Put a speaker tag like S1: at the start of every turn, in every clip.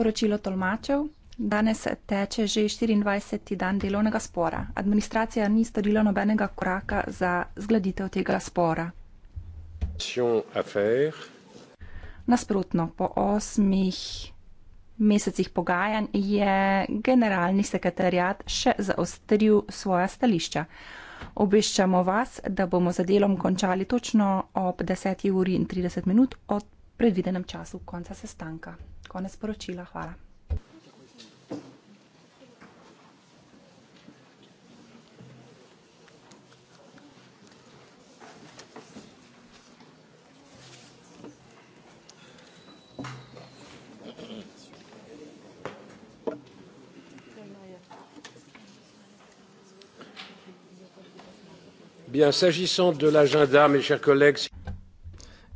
S1: Poročilo tolmačev. Danes teče že 24. dan delovnega spora. Administracija ni storila nobenega koraka za zgladitev tega spora. Nasprotno, po osmih mesecih pogajanj je generalni sekretarjat še zaostril svoja stališča. Obveščamo vas, da bomo za delom končali točno ob 10.30 od predvidenem času konca sestanka. Konec poročila, hvala.
S2: Bien, s'agissant de l'agenda, mes chers collègues,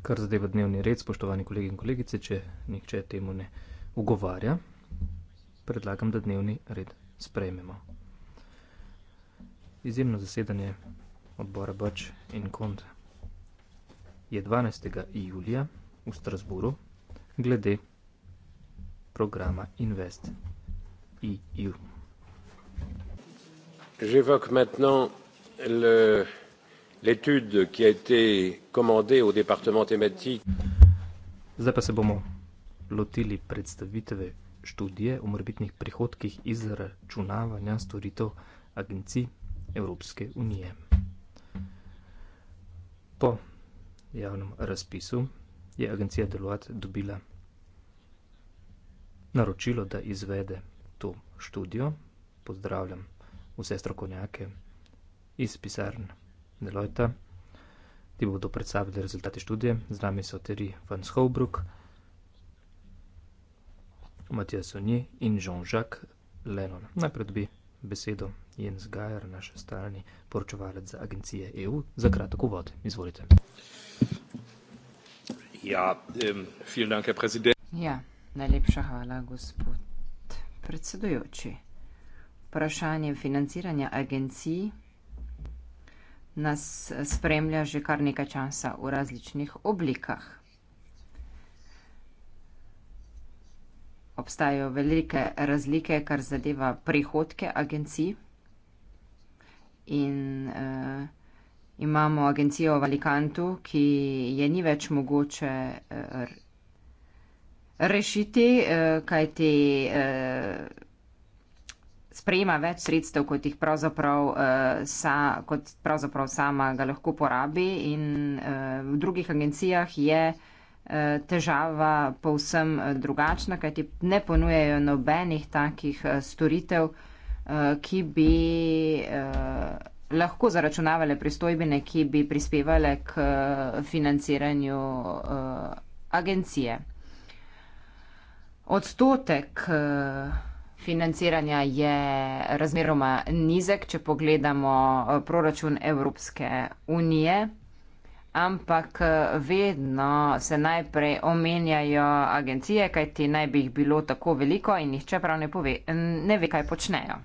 S3: kar zadeva dnevni red, spoštovani kolegi in kolegice, če nihče temu ne ugovarja, predlagam, da dnevni red sprejmemo. Izjemno zasedanje odbora Bač in Kond je 12. julija v Strasburu glede programa Invest EU.
S2: Je vok maintenant le l'étude qui a été commandée au département thématique.
S3: Zdaj pa se bomo lotili predstavitve študije o morbitnih prihodkih izračunavanja storitev agencij Evropske unije. Po javnem razpisu je agencija Deloitte dobila naročilo, da izvede to študijo. Pozdravljam vse strokovnjake iz pisarne. Deloitte. Ti bodo predstavili rezultate študije. Z nami so Terry van Schoubrook, Matijas Oni in Jean-Jacques Lennon. Najprej bi besedo Jens Geier, naš stalni poročevalec za agencije EU, za kratek uvod. Izvolite. Ja,
S2: um, danke, ja, najlepša hvala, gospod predsedujoči. Vprašanje financiranja agencij nas spremlja že kar nekaj časa v različnih oblikah. Obstajajo velike razlike, kar zadeva prihodke agencij. In eh, imamo agencijo v Alicantu, ki je ni več mogoče eh, rešiti, eh, kajti eh, sprejema več sredstev, kot jih pravzaprav, eh, sa, kot pravzaprav sama ga lahko porabi in eh, v drugih agencijah je eh, težava povsem eh, drugačna, kajti ne ponujejo nobenih takih eh, storitev, eh, ki bi eh, lahko zaračunavale pristojbine, ki bi prispevale k eh, financiranju eh, agencije. Odstotek. Eh, financiranja je razmeroma nizek, če pogledamo eh, proračun Evropske unije, ampak eh, vedno se najprej omenjajo agencije, kaj ti naj bi jih bilo tako veliko in jih čeprav ne, pove, ne ve, kaj počnejo.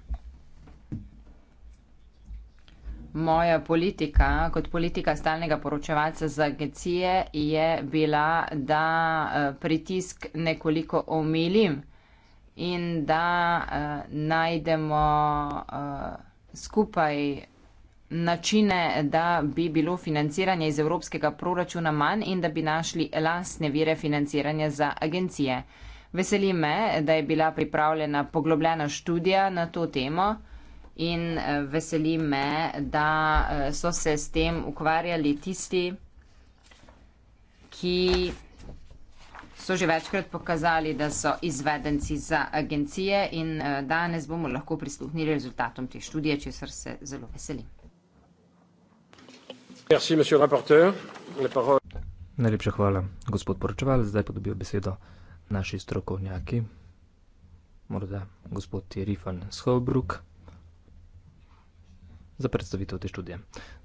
S2: Moja politika kot politika stalnega poročevalca za agencije je bila, da eh, pritisk nekoliko omilim in da uh, najdemo uh, skupaj načine, da bi bilo financiranje iz evropskega proračuna manj in da bi našli lastne vire financiranja za agencije. Veseli me, da je bila pripravljena poglobljena študija na to temo in eh, veseli me, da so se s tem ukvarjali tisti, ki so že večkrat pokazali, da so izvedenci za agencije in eh, danes bomo lahko prisluhnili rezultatom te študije, če se se zelo veselim.
S3: Merci, monsieur rapporteur. Najlepša hvala, gospod poročeval. Zdaj pa dobijo besedo naši strokovnjaki. Morda gospod Tirifan Schoelbrook za predstavitev te študije.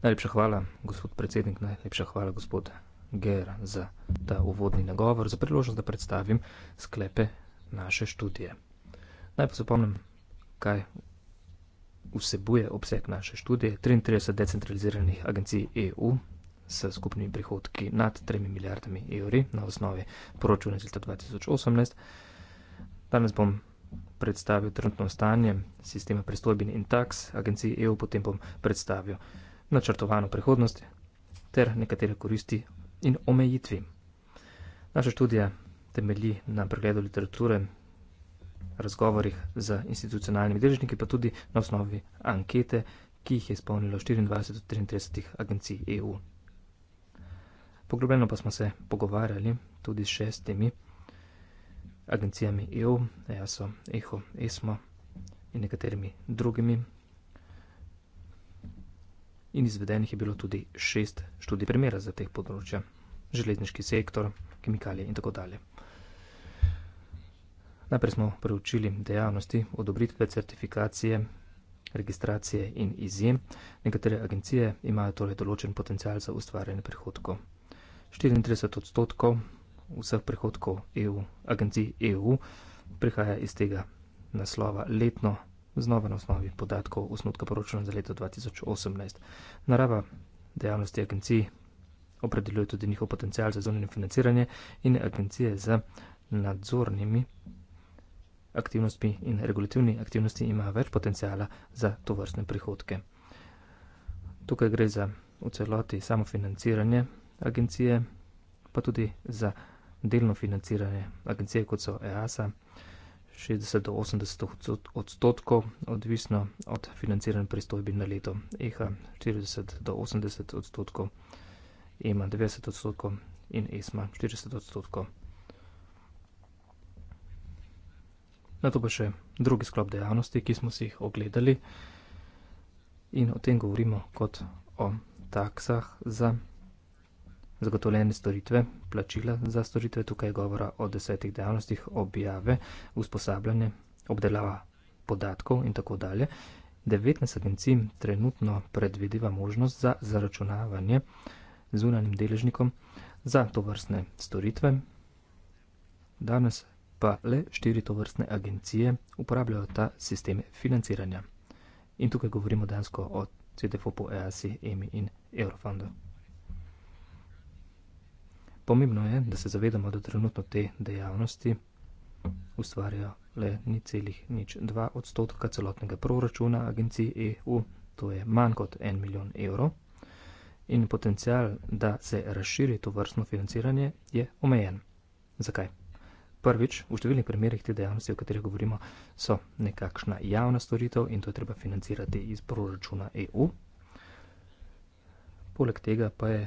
S3: Najlepša hvala, gospod predsednik. Najlepša hvala, gospod Ger za ta uvodni nagovor, za priložnost, da predstavim sklepe naše študije. Naj pa se opomnim, kaj vsebuje obseg naše študije. 33 decentraliziranih agencij EU s skupnimi prihodki nad 3 milijardami evri na osnovi poročuna iz leta 2018. Danes bom predstavil trenutno stanje sistema pristojbin in taks agencij EU, potem bom predstavil načrtovano prihodnost ter nekatere koristi in omejitvi. Naša študija temelji na pregledu literature, razgovorih z institucionalnimi deležniki, pa tudi na osnovi ankete, ki jih je izpolnilo 24 od 33 agencij EU. Poglobljeno pa smo se pogovarjali tudi s šestimi agencijami EU, EASO, EHO, ESMO in nekaterimi drugimi in izvedenih je bilo tudi šest študij primera za teh področja. Železniški sektor, kemikalije in tako dalje. Najprej smo preučili dejavnosti odobritve certifikacije, registracije in izjem. Nekatere agencije imajo torej določen potencial za ustvarjanje prihodkov. 34 odstotkov vseh prihodkov EU, agencij EU prihaja iz tega naslova letno znova na osnovi podatkov osnutka poročila za leto 2018. Narava dejavnosti agencij opredeljuje tudi njihov potencial za zunanje financiranje in agencije z nadzornimi aktivnostmi in regulativni aktivnosti ima več potencijala za to vrstne prihodke. Tukaj gre za v celoti samofinanciranje agencije, pa tudi za delno financiranje agencije kot so EASA, 60 do 80 odstotkov, odvisno od financiranja pristojbi na leto. EHA 40 do 80 odstotkov, EMA 90 odstotkov in ESMA 40 odstotkov. Na to pa še drugi sklop dejavnosti, ki smo si jih ogledali in o tem govorimo kot o taksah za zagotovljene storitve, plačila za storitve, tukaj je govora o desetih dejavnostih, objave, usposabljanje, obdelava podatkov in tako dalje. 19 agencij trenutno predvideva možnost za zaračunavanje zunanim deležnikom za tovrstne storitve. Danes pa le štiri tovrstne agencije uporabljajo ta sistem financiranja. In tukaj govorimo dansko o CDFO po EASI, EMI in Eurofondu pomembno je, da se zavedamo, da trenutno te dejavnosti ustvarjajo le ni celih nič 2 odstotka celotnega proračuna agencij EU, to je manj kot en milijon evrov in potencial, da se razširi to vrstno financiranje, je omejen. Zakaj? Prvič, v številnih primerih te dejavnosti, o katerih govorimo, so nekakšna javna storitev in to je treba financirati iz proračuna EU. Poleg tega pa je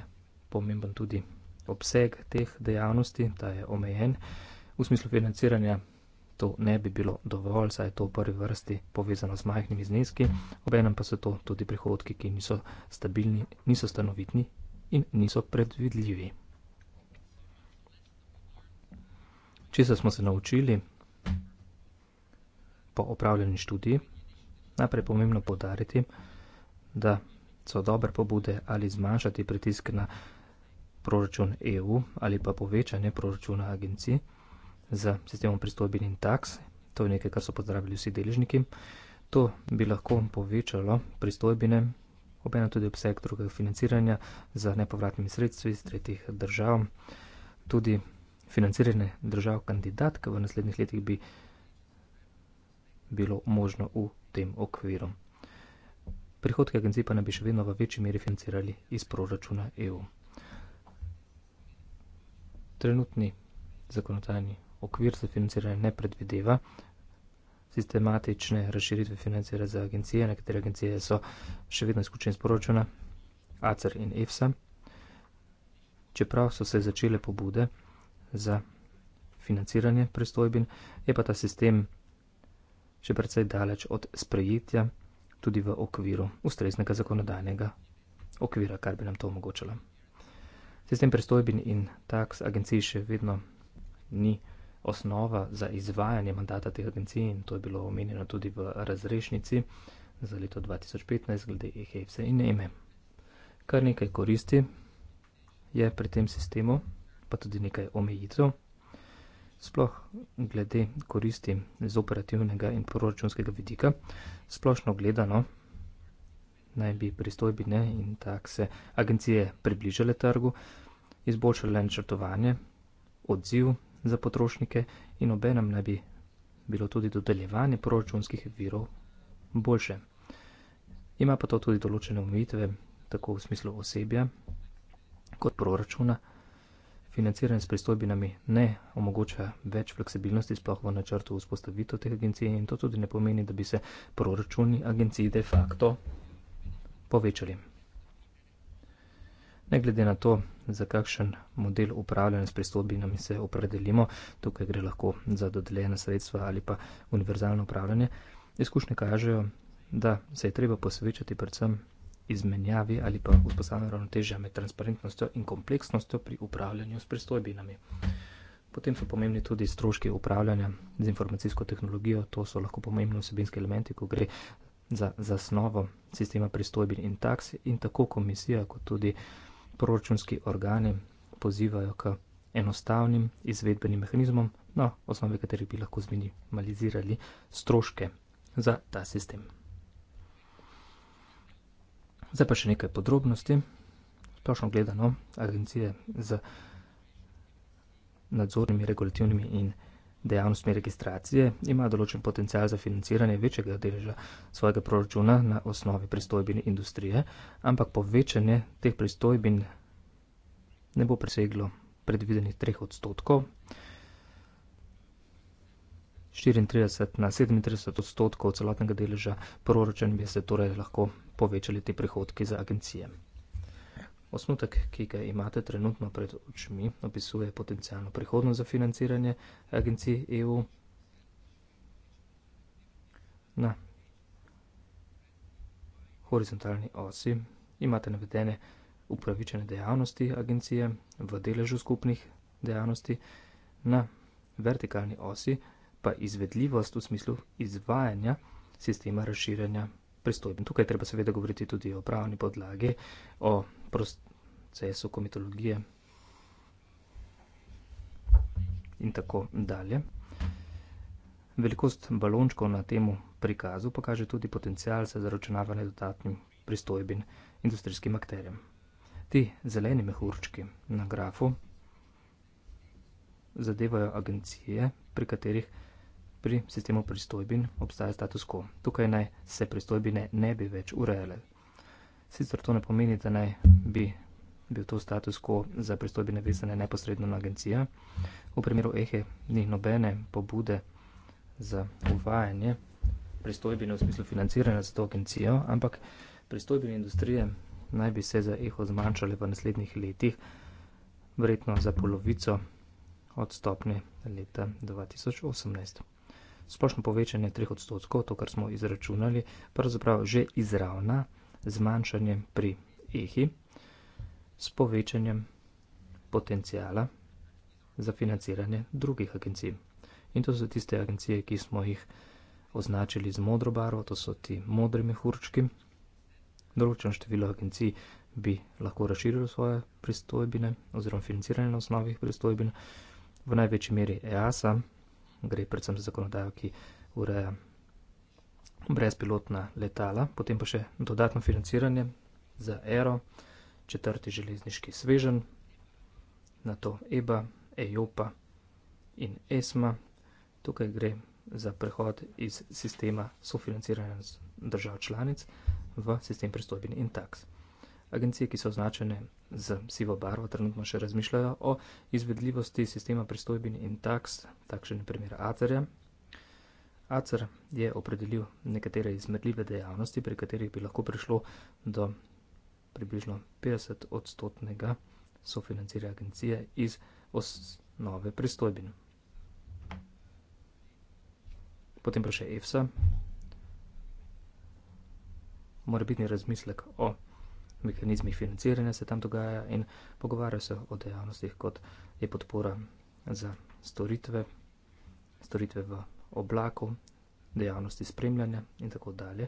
S3: pomemben tudi obseg teh dejavnosti, da je omejen. V smislu financiranja to ne bi bilo dovolj, saj je to v prvi vrsti povezano z majhnimi zneski, obenem pa so to tudi prihodki, ki niso stabilni, niso stanovitni in niso predvidljivi. Česa smo se naučili po opravljeni študiji? Najprej je pomembno podariti, da so dobre pobude ali zmanjšati pritisk na proračun EU ali pa povečanje proračuna agencij z sistemom pristojbin in taks. To je nekaj, kar so pozdravili vsi deležniki. To bi lahko povečalo pristojbine, obenem tudi obseg drugega financiranja z nepovratnimi sredstvi iz tretjih držav. Tudi financiranje držav kandidatk v naslednjih letih bi bilo možno v tem okviru. Prihodke agencij pa ne bi še vedno v večji meri financirali iz proračuna EU trenutni zakonodajni okvir za financiranje ne predvideva sistematične razširitve financiranja za agencije. Nekatere agencije so še vedno izključene iz proračuna, ACER in EFSA. Čeprav so se začele pobude za financiranje pristojbin, je pa ta sistem še precej daleč od sprejetja tudi v okviru ustreznega zakonodajnega okvira, kar bi nam to omogočalo sistem pristojbin in taks agencij še vedno ni osnova za izvajanje mandata teh agencij in to je bilo omenjeno tudi v razrešnici za leto 2015 glede EHFS in EME. E. Kar nekaj koristi je pri tem sistemu, pa tudi nekaj omejitev, sploh glede koristi z operativnega in proračunskega vidika, splošno gledano, naj bi pristojbi ne in tako se agencije približale trgu, izboljšale načrtovanje, odziv za potrošnike in obenem naj bi bilo tudi dodeljevanje proračunskih virov boljše. Ima pa to tudi določene omejitve, tako v smislu osebja kot proračuna. Financiranje s pristojbinami ne omogoča več fleksibilnosti, sploh v načrtu vzpostavitev teh agencij, in to tudi ne pomeni, da bi se proračuni agencij de facto povečali. Ne glede na to, za kakšen model upravljanja s pristopi nam se opredelimo, tukaj gre lahko za dodeljena sredstva ali pa univerzalno upravljanje, izkušnje kažejo, da se je treba posvečati predvsem izmenjavi ali pa vzpostavljanju ravnotežja med transparentnostjo in kompleksnostjo pri upravljanju s pristojbinami. Potem so pomembni tudi stroški upravljanja z informacijsko tehnologijo, to so lahko pomembni vsebinski elementi, ko gre za zasnovo sistema pristojbin in taks in tako komisija kot tudi proračunski organi pozivajo k enostavnim izvedbenim mehanizmom, na osnovi katerih bi lahko zminimalizirali stroške za ta sistem. Zdaj pa še nekaj podrobnosti. Splošno gledano, agencije z nadzornimi, regulativnimi in regulativnimi dejavnostmi registracije ima določen potencial za financiranje večjega deleža svojega proračuna na osnovi pristojbin industrije, ampak povečanje teh pristojbin ne bo preseglo predvidenih 3 odstotkov. 34 na 37 odstotkov celotnega deleža proračun bi se torej lahko povečali te prihodke za agencije. Osnutek, ki ga imate trenutno pred očmi, opisuje potencijalno prihodnost za financiranje agencij EU. Na horizontalni osi imate navedene upravičene dejavnosti agencije v deležu skupnih dejavnosti, na vertikalni osi pa izvedljivost v smislu izvajanja sistema razširjanja. Pristojben. Tukaj treba seveda govoriti tudi o pravni podlagi, o procesu komitologije in tako dalje. Velikost balončkov na tem prikazu pokaže tudi potencial za zaračunavanje dodatnim pristojbin industrijskim akterjem. Ti zeleni mehurčki na grafu zadevajo agencije, pri katerih pri sistemu pristojbin obstaja status quo. Tukaj naj se pristojbine ne bi več urejale. Sicer to ne pomeni, da naj bi bil to status quo za pristojbe navezane neposredno na agencijo. V primeru EHE ni nobene pobude za uvajanje pristojbine v smislu financiranja za to agencijo, ampak pristojbine industrije naj bi se za EHO zmanjšale v naslednjih letih, verjetno za polovico od stopne leta 2018. Splošno povečanje 3 odstotkov, to, kar smo izračunali, pravzaprav že izravna zmanjšanjem pri EHI, s povečanjem potencijala za financiranje drugih agencij. In to so tiste agencije, ki smo jih označili z modro barvo, to so ti modri mehurčki. Določeno število agencij bi lahko razširilo svoje pristojbine oziroma financiranje na osnovih pristojbin. V največji meri EASA gre predvsem za zakonodajo, ki ureja brezpilotna letala, potem pa še dodatno financiranje za Aero, četrti železniški svežen, na to EBA, EJOPA in ESMA. Tukaj gre za prehod iz sistema sofinanciranja držav članic v sistem pristojbin in taks. Agencije, ki so označene z sivo barvo, trenutno še razmišljajo o izvedljivosti sistema pristojbin in taks, takšen primer ACER-ja, ACR je opredelil nekatere izmedljive dejavnosti, pri katerih bi lahko prišlo do približno 50 odstotnega sofinanciranja agencije iz osnove pristojbin. Potem pa še EFSA. Mora biti razmislek o mehanizmih financiranja se tam dogaja in pogovarja se o dejavnostih, kot je podpora za storitve, storitve v oblakov, dejavnosti spremljanja in tako dalje.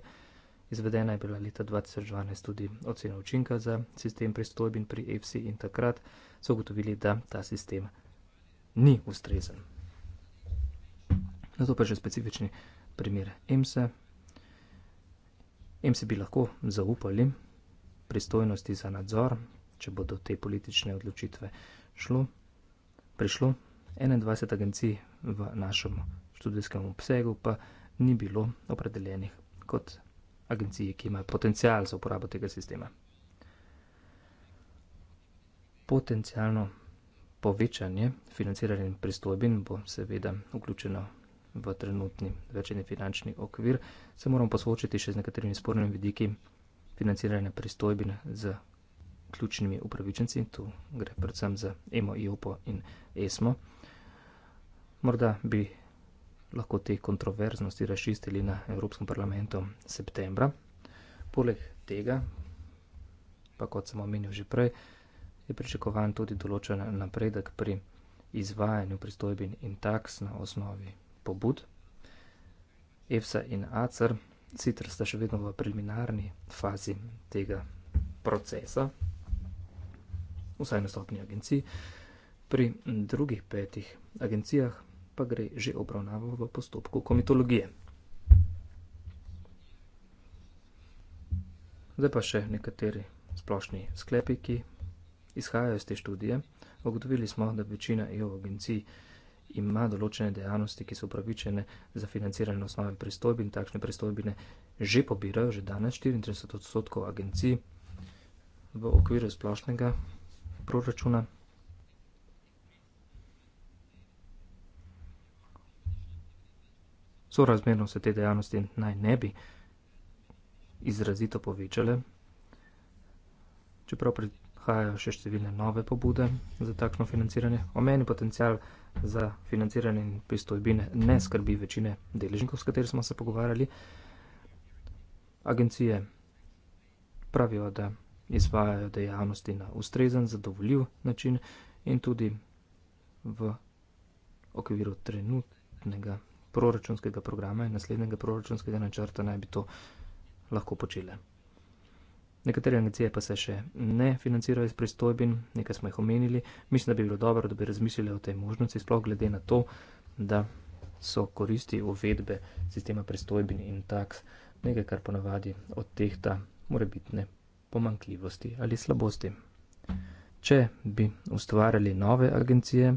S3: Izvedena je bila leta 2012 tudi ocena učinka za sistem pristojbin pri EFSI in takrat so ugotovili, da ta sistem ni ustrezen. Na to pa še specifični primer EMSE. EMSE bi lahko zaupali pristojnosti za nadzor, če bodo te politične odločitve šlo, prišlo 21 agencij v našem okolju študijskem obsegu pa ni bilo opredeljenih kot agencije, ki imajo potencial za uporabo tega sistema. Potencijalno povečanje financiranja pristojbin bo seveda vključeno v trenutni večni finančni okvir, se moramo posločiti še z nekaterimi spornimi vidiki financiranja pristojbin z ključnimi upravičenci, tu gre predvsem za EMO, IOPO in ESMO. Morda bi lahko te kontroverznosti razčistili na Evropskem parlamentu septembra. Poleg tega, pa kot sem omenil že prej, je pričakovan tudi določen napredek pri izvajanju pristojbin in taks na osnovi pobud. EFSA in ACR sicer sta še vedno v preliminarni fazi tega procesa, vsaj na stopni agenciji. Pri drugih petih agencijah pa gre že obravnava v postopku komitologije. Zdaj pa še nekateri splošni sklepi, ki izhajajo iz te študije. Ogotovili smo, da večina EU agencij ima določene dejavnosti, ki so upravičene za financiranje osnovne pristojbe in takšne pristojbine že pobirajo, že danes 34 odstotkov agencij v okviru splošnega proračuna. sorazmerno se te dejavnosti naj ne bi izrazito povečale, čeprav prihajajo še številne nove pobude za takšno financiranje. Omeni potencial za financiranje in pristojbine ne skrbi večine deležnikov, s kateri smo se pogovarjali. Agencije pravijo, da izvajajo dejavnosti na ustrezen, zadovoljiv način in tudi v okviru trenutnega proračunskega programa in naslednjega proračunskega načrta naj bi to lahko počele. Nekatere agencije pa se še ne financirajo iz pristojbin, nekaj smo jih omenili. Mislim, da bi bilo dobro, da bi razmislili o tej možnosti, sploh glede na to, da so koristi uvedbe sistema pristojbin in taks nekaj, kar ponavadi od teh ta morebitne pomankljivosti ali slabosti. Če bi ustvarjali nove agencije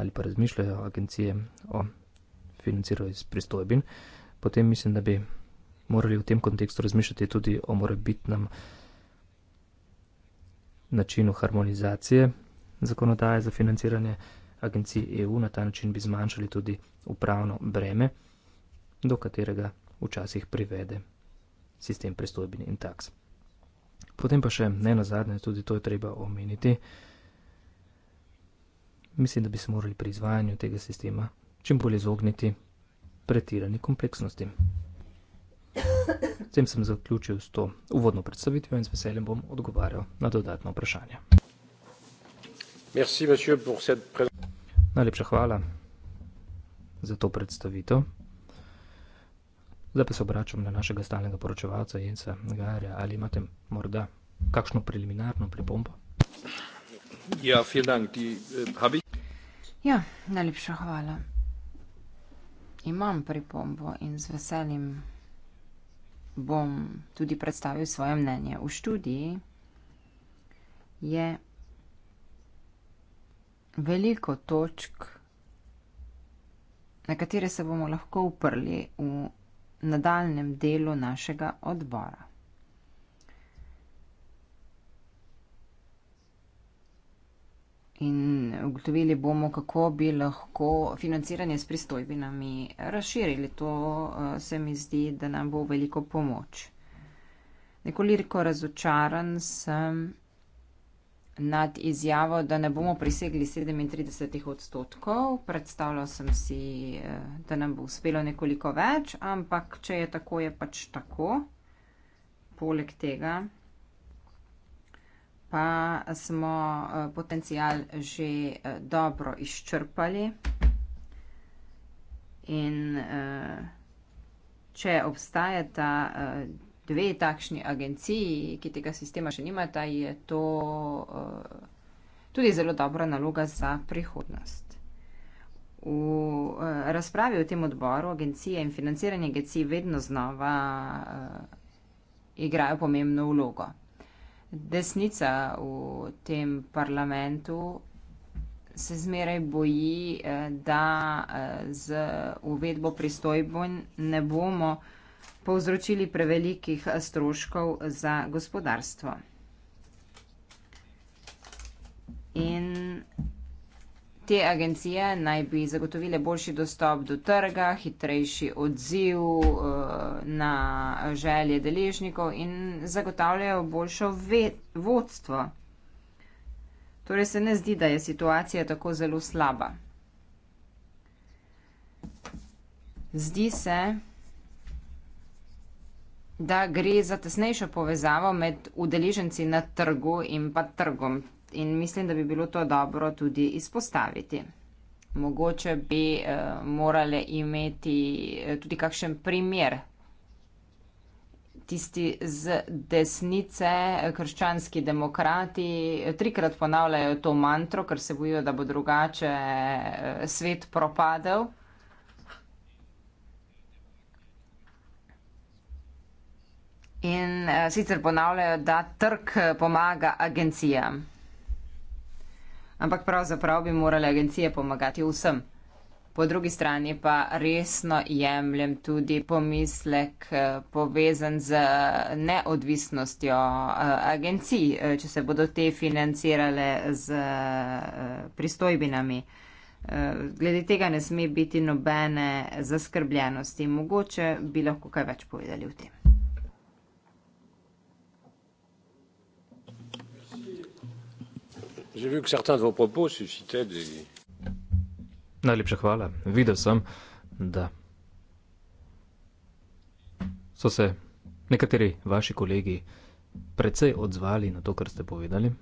S3: ali pa razmišljajo agencije o financirajo iz pristojbin, potem mislim, da bi morali v tem kontekstu razmišljati tudi o morebitnem načinu harmonizacije zakonodaje za financiranje agencij EU. Na ta način bi zmanjšali tudi upravno breme, do katerega včasih privede sistem pristojbin in taks. Potem pa še ne na zadnje, tudi to je treba omeniti. Mislim, da bi se morali pri izvajanju tega sistema čim bolj izogniti pretirani kompleksnosti. S tem sem zaključil s to uvodno predstavitvijo in z veseljem bom odgovarjal na dodatno vprašanje.
S1: Merci, monsieur, pour cette...
S3: Najlepša hvala za to predstavitev. Zdaj pa se obračam na našega stalnega poročevalca Jensa Garja. Ali imate morda kakšno preliminarno pripombo? Ja, vielen Dank. Die, äh, ich...
S2: Ja, najlepša hvala imam pripombo in z veseljem bom tudi predstavil svoje mnenje. V študiji je veliko točk, na katere se bomo lahko uprli v nadaljem delu našega odbora. in ugotovili bomo, kako bi lahko financiranje s pristojbinami razširili. To eh, se mi zdi, da nam bo veliko pomoč. Nekoliko razočaran sem nad izjavo, da ne bomo prisegli 37 odstotkov. Predstavljal sem si, eh, da nam bo uspelo nekoliko več, ampak če je tako, je pač tako. Poleg tega pa smo eh, potencijal že eh, dobro izčrpali. In eh, če obstajata dve takšni agenciji, ki tega sistema še nimata, je to tudi zelo dobra naloga za prihodnost. V razpravi v tem odboru agencije in financiranje agencij vedno znova igrajo pomembno vlogo desnica v tem parlamentu se zmeraj boji, eh, da eh, z uvedbo pristojbon ne bomo povzročili prevelikih eh, stroškov za gospodarstvo. In Te agencije naj bi zagotovile boljši dostop do trga, hitrejši odziv eh, na želje deležnikov in zagotavljajo boljšo vodstvo. Torej se ne zdi, da je situacija tako zelo slaba. Zdi se, da gre za tesnejšo povezavo med udeleženci na trgu in pa trgom in mislim, da bi bilo to dobro tudi izpostaviti. Mogoče bi uh, eh, morali imeti uh, tudi kakšen primer. Tisti z desnice, eh, krščanski demokrati, trikrat ponavljajo to mantro, ker se bojijo, da bo drugače uh, svet propadel. In uh, sicer ponavljajo, da trg pomaga agencijam ampak pravzaprav bi morale agencije pomagati vsem. Po drugi strani pa resno jemljem tudi pomislek eh, povezan z eh, neodvisnostjo eh, agencij, če se bodo te financirale z pristojbinami. Glede tega ne sme biti nobene zaskrbljenosti. Mogoče bi lahko kaj več povedali o tem.
S3: Najlepša hvala. Videl sem, da so se nekateri vaši kolegi precej odzvali na to, kar ste povedali.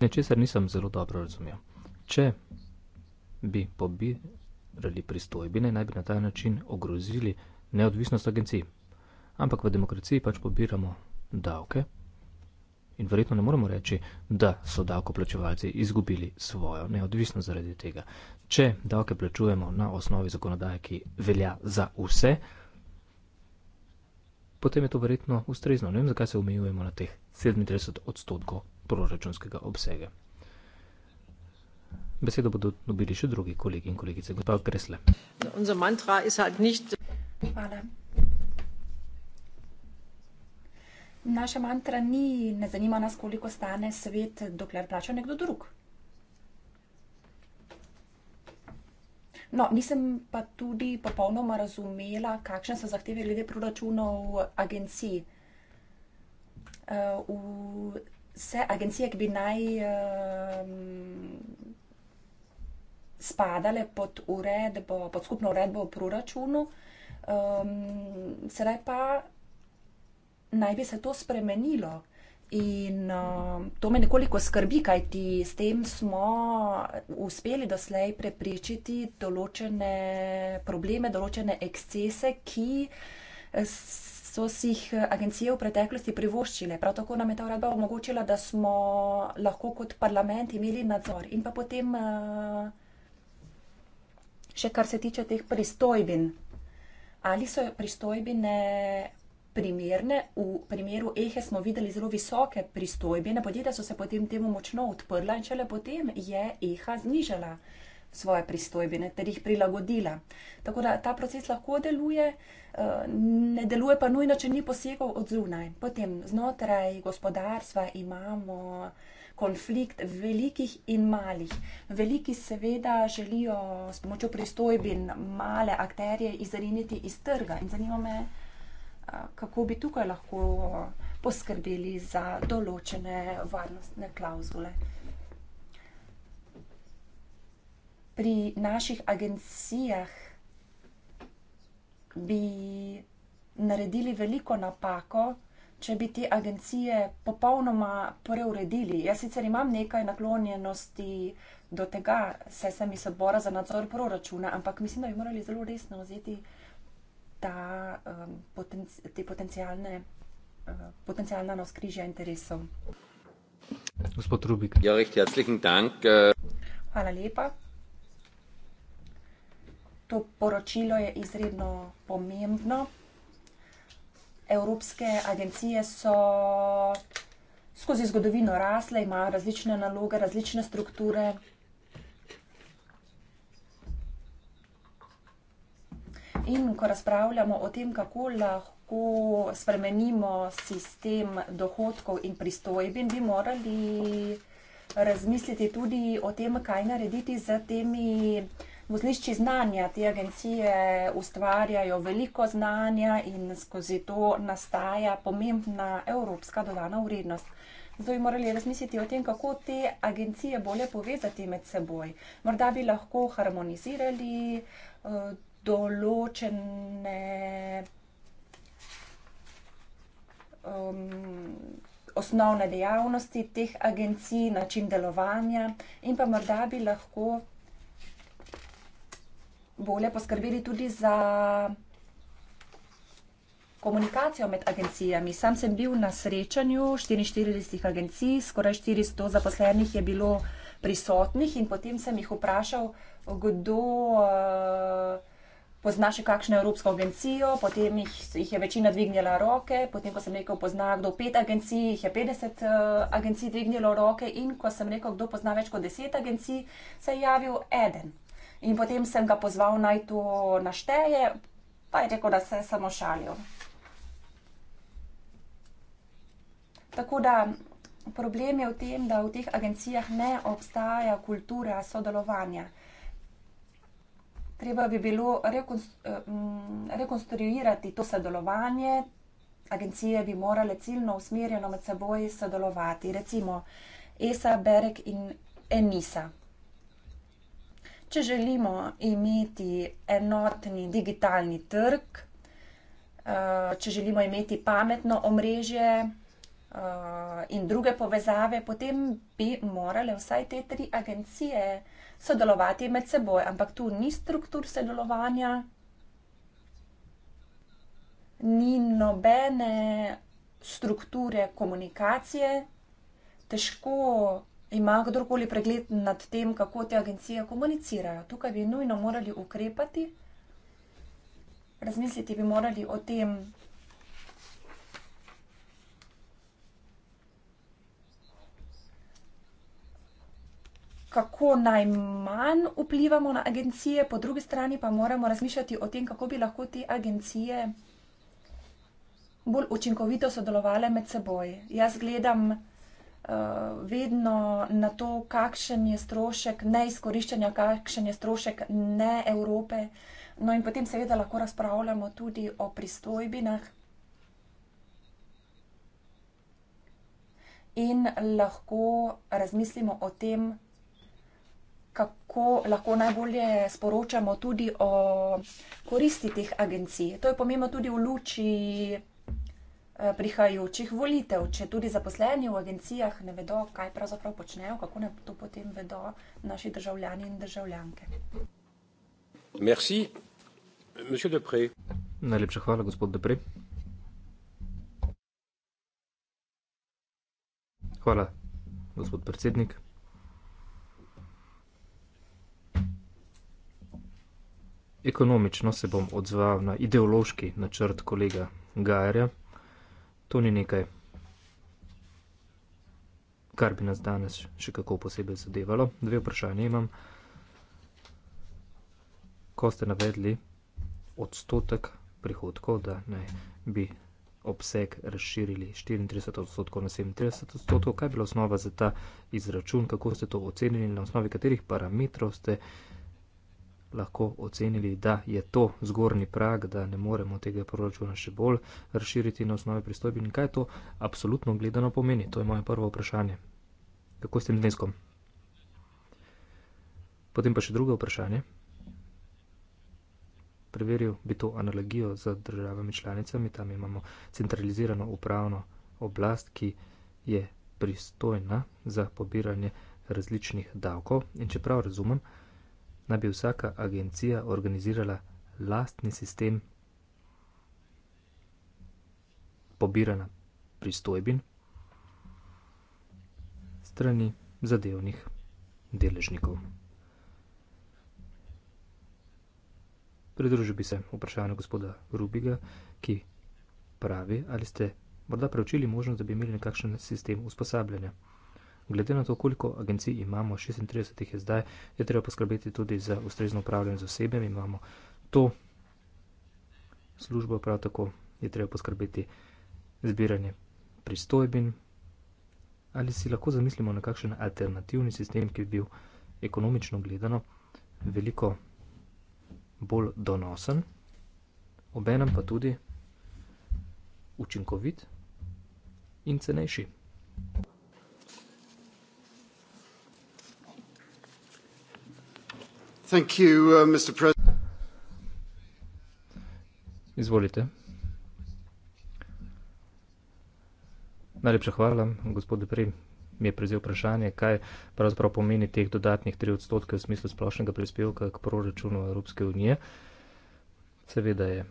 S3: Nečesar nisem zelo dobro razumel. Če bi pobirali pristojbine, naj bi na ta način ogrozili neodvisnost agencij. Ampak v demokraciji pač pobiramo davke. Okay? in verjetno ne moramo reči, da so davkoplačevalci izgubili svojo neodvisnost zaradi tega. Če davke plačujemo na osnovi zakonodaje, ki velja za vse, potem je to verjetno ustrezno. Ne vem, zakaj se omejujemo na teh 37 odstotkov proračunskega obsega. Besedo bodo dobili še drugi kolegi in kolegice. Gospod Kresle.
S1: Hvala. Naša mantra ni, ne zanima nas, koliko stane svet, dokler plača nekdo drug. No, nisem pa tudi popolnoma razumela, kakšne so zahteve glede proračunov agencij. Eh, vse agencije, ki bi naj ehm, spadale pod uredbo, pod skupno uredbo v proračunu, ehm, sedaj pa naj bi se to spremenilo. In uh, to me nekoliko skrbi, kajti s tem smo uspeli doslej preprečiti določene probleme, določene ekscese, ki so si jih agencije v preteklosti privoščile. Prav tako nam je ta uredba omogočila, da smo lahko kot parlament imeli nadzor. In pa potem, uh, še kar se tiče teh pristojbin, ali so pristojbine primerne. V primeru Ehe smo videli zelo visoke pristojbine, podjetja so se potem temu močno odprla in šele potem je Eha znižala svoje pristojbine ter jih prilagodila. Tako da ta proces lahko deluje, eh, ne deluje pa nujno, če ni posegov od zunaj. Potem znotraj gospodarstva imamo konflikt velikih in malih. Veliki seveda želijo s pomočjo pristojbin male akterje izriniti iz trga in zanima me, kako bi tukaj lahko poskrbeli za določene varnostne klauzule. Pri naših agencijah bi naredili veliko napako, če bi te agencije popolnoma preuredili. Jaz sicer imam nekaj naklonjenosti do tega, saj sem iz odbora za nadzor proračuna, ampak mislim, da bi morali zelo resno vzeti ta, um, potenci, te potencijalne, uh, potencijalna razkrižja interesov.
S3: Gospod Rubik. Ja, recht herzlichen Dank. Äh.
S1: Hvala lepa. To poročilo je izredno pomembno. Evropske agencije so skozi zgodovino rasle, imajo različne naloge, različne strukture. in ko razpravljamo o tem, kako lahko spremenimo sistem dohodkov in pristojbin, bi morali razmisliti tudi o tem, kaj narediti z temi vozlišči znanja. Te agencije ustvarjajo veliko znanja in skozi to nastaja pomembna evropska dodana vrednost. Zdaj bi morali razmisliti o tem, kako te agencije bolje povezati med seboj. Morda bi lahko harmonizirali uh, določene um, osnovne dejavnosti teh agencij, način delovanja, in pa morda bi lahko bolje poskrbeli tudi za komunikacijo med agencijami. Sam sem bil na srečanju 44 agencij, skoraj 400 zaposlenih je bilo prisotnih in potem sem jih vprašal, kdo. Uh, pozna še kakšno evropsko agencijo, potem jih, jih je večina dvignila roke, potem, ko sem rekel, pozna kdo pet agencij, jih je 50 uh, eh, agencij dvignilo roke in ko sem rekel, kdo pozna več kot 10 agencij, se je javil eden. In potem sem ga pozval naj to našteje, pa je rekel, da se samo šalijo. Tako da problem je v tem, da v teh agencijah ne obstaja kultura sodelovanja. Treba bi bilo eh, mm, rekonstruirati to sodelovanje, agencije bi morale ciljno usmerjeno med seboj sodelovati, recimo ESA, BEREK in ENISA. Če želimo imeti enotni digitalni trg, eh, če želimo imeti pametno omrežje eh, in druge povezave, potem bi morale vsaj te tri agencije sodelovati med seboj, ampak tu ni struktur sodelovanja, ni nobene strukture komunikacije. Težko ima kdorkoli pregled nad tem, kako te agencije komunicirajo. Tukaj bi nujno morali ukrepati, razmisliti bi morali o tem, kako najmanj vplivamo na agencije, po drugi strani pa moramo razmišljati o tem, kako bi lahko te agencije bolj učinkovito sodelovale med seboj. Jaz gledam uh, vedno na to, kakšen je strošek neizkoriščanja, kakšen je strošek ne Evrope. No in potem seveda lahko razpravljamo tudi o pristojbinah. In lahko razmislimo o tem, kako lahko najbolje sporočamo tudi o koristi teh agencij. To je pomembno tudi v luči eh, prihajajočih volitev, če tudi zaposleni v agencijah ne vedo, kaj pravzaprav počnejo, kako ne to potem vedo naši državljani in državljanke.
S3: Merci, monsieur Depre. Najlepša hvala, gospod Depre. Hvala, gospod predsednik. Ekonomično se bom odzval na ideološki načrt kolega Gajerja. To ni nekaj, kar bi nas danes še kako posebej zadevalo. Dve vprašanje imam. Ko ste navedli odstotek prihodkov, da naj bi obseg razširili 34 odstotkov na 37 odstotkov, kaj je bila osnova za ta izračun, kako ste to ocenili, na osnovi katerih parametrov ste lahko ocenili, da je to zgornji prag, da ne moremo tega proračuna še bolj razširiti na osnovi pristojbin. Kaj to absolutno gledano pomeni? To je moje prvo vprašanje. Kako s tem zneskom? Potem pa še drugo vprašanje. Preveril bi to analogijo z državami članicami. Tam imamo centralizirano upravno oblast, ki je pristojna za pobiranje različnih davkov. In čeprav razumem, naj bi vsaka agencija organizirala lastni sistem pobiranja pristojbin strani zadevnih deležnikov. Pridružil bi se vprašanju gospoda Rubiga, ki pravi, ali ste morda preučili možnost, da bi imeli nekakšen sistem usposabljanja. Glede na to, koliko agencij imamo, 36 jih je zdaj, je treba poskrbeti tudi za ustrezno upravljanje z osebjem. Imamo to službo, prav tako je treba poskrbeti zbiranje pristojbin. Ali si lahko zamislimo na kakšen alternativni sistem, ki bi bil ekonomično gledano veliko bolj donosen, obenem pa tudi učinkovit in cenejši.
S2: Thank you, uh, Mr. President.
S3: Izvolite. Najlepša hvala, gospod Prej mi je prezel vprašanje, kaj pravzaprav pomeni teh dodatnih 3 odstotke v smislu splošnega prispevka k proračunu Evropske unije. Seveda je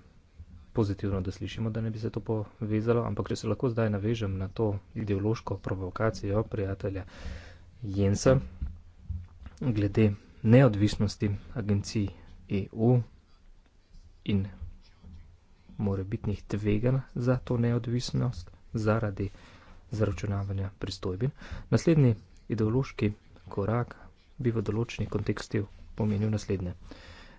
S3: pozitivno, da slišimo, da ne bi se to povezalo, ampak če se lahko zdaj navežem na to ideološko provokacijo prijatelja Jensa, glede neodvisnosti agencij EU in morebitnih tveganj za to neodvisnost zaradi zaračunavanja pristojbin. Naslednji ideološki korak bi v določenih kontekstih pomenil naslednje.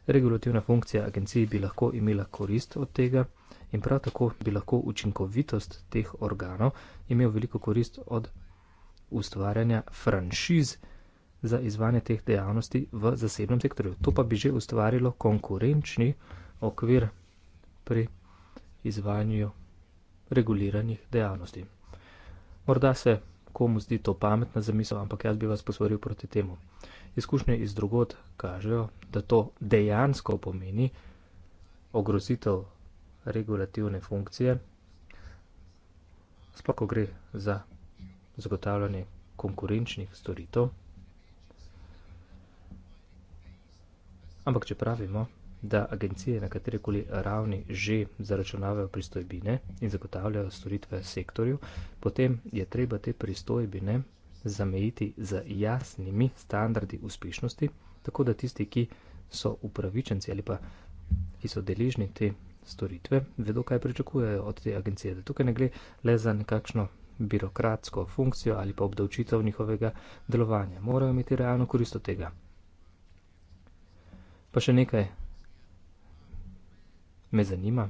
S3: Regulativna funkcija agencij bi lahko imela korist od tega in prav tako bi lahko učinkovitost teh organov imel veliko korist od ustvarjanja franšiz, za izvajanje teh dejavnosti v zasebnem sektorju. To pa bi že ustvarilo konkurenčni okvir pri izvajanju reguliranih dejavnosti. Morda se komu zdi to pametna zamisel, ampak jaz bi vas posvaril proti temu. Izkušnje iz drugot kažejo, da to dejansko pomeni ogrozitev regulativne funkcije, sploh ko gre za zagotavljanje konkurenčnih storitev. Ampak če pravimo, da agencije na katerikoli ravni že zaračunavajo pristojbine in zagotavljajo storitve sektorju, potem je treba te pristojbine zamejiti z jasnimi standardi uspešnosti, tako da tisti, ki so upravičenci ali pa ki so deležni te storitve, vedo, kaj pričakujejo od te agencije. Da tukaj ne gre le za nekakšno birokratsko funkcijo ali pa obdavčitev njihovega delovanja. Morajo imeti realno korist od tega. Pa še nekaj. Me zanima,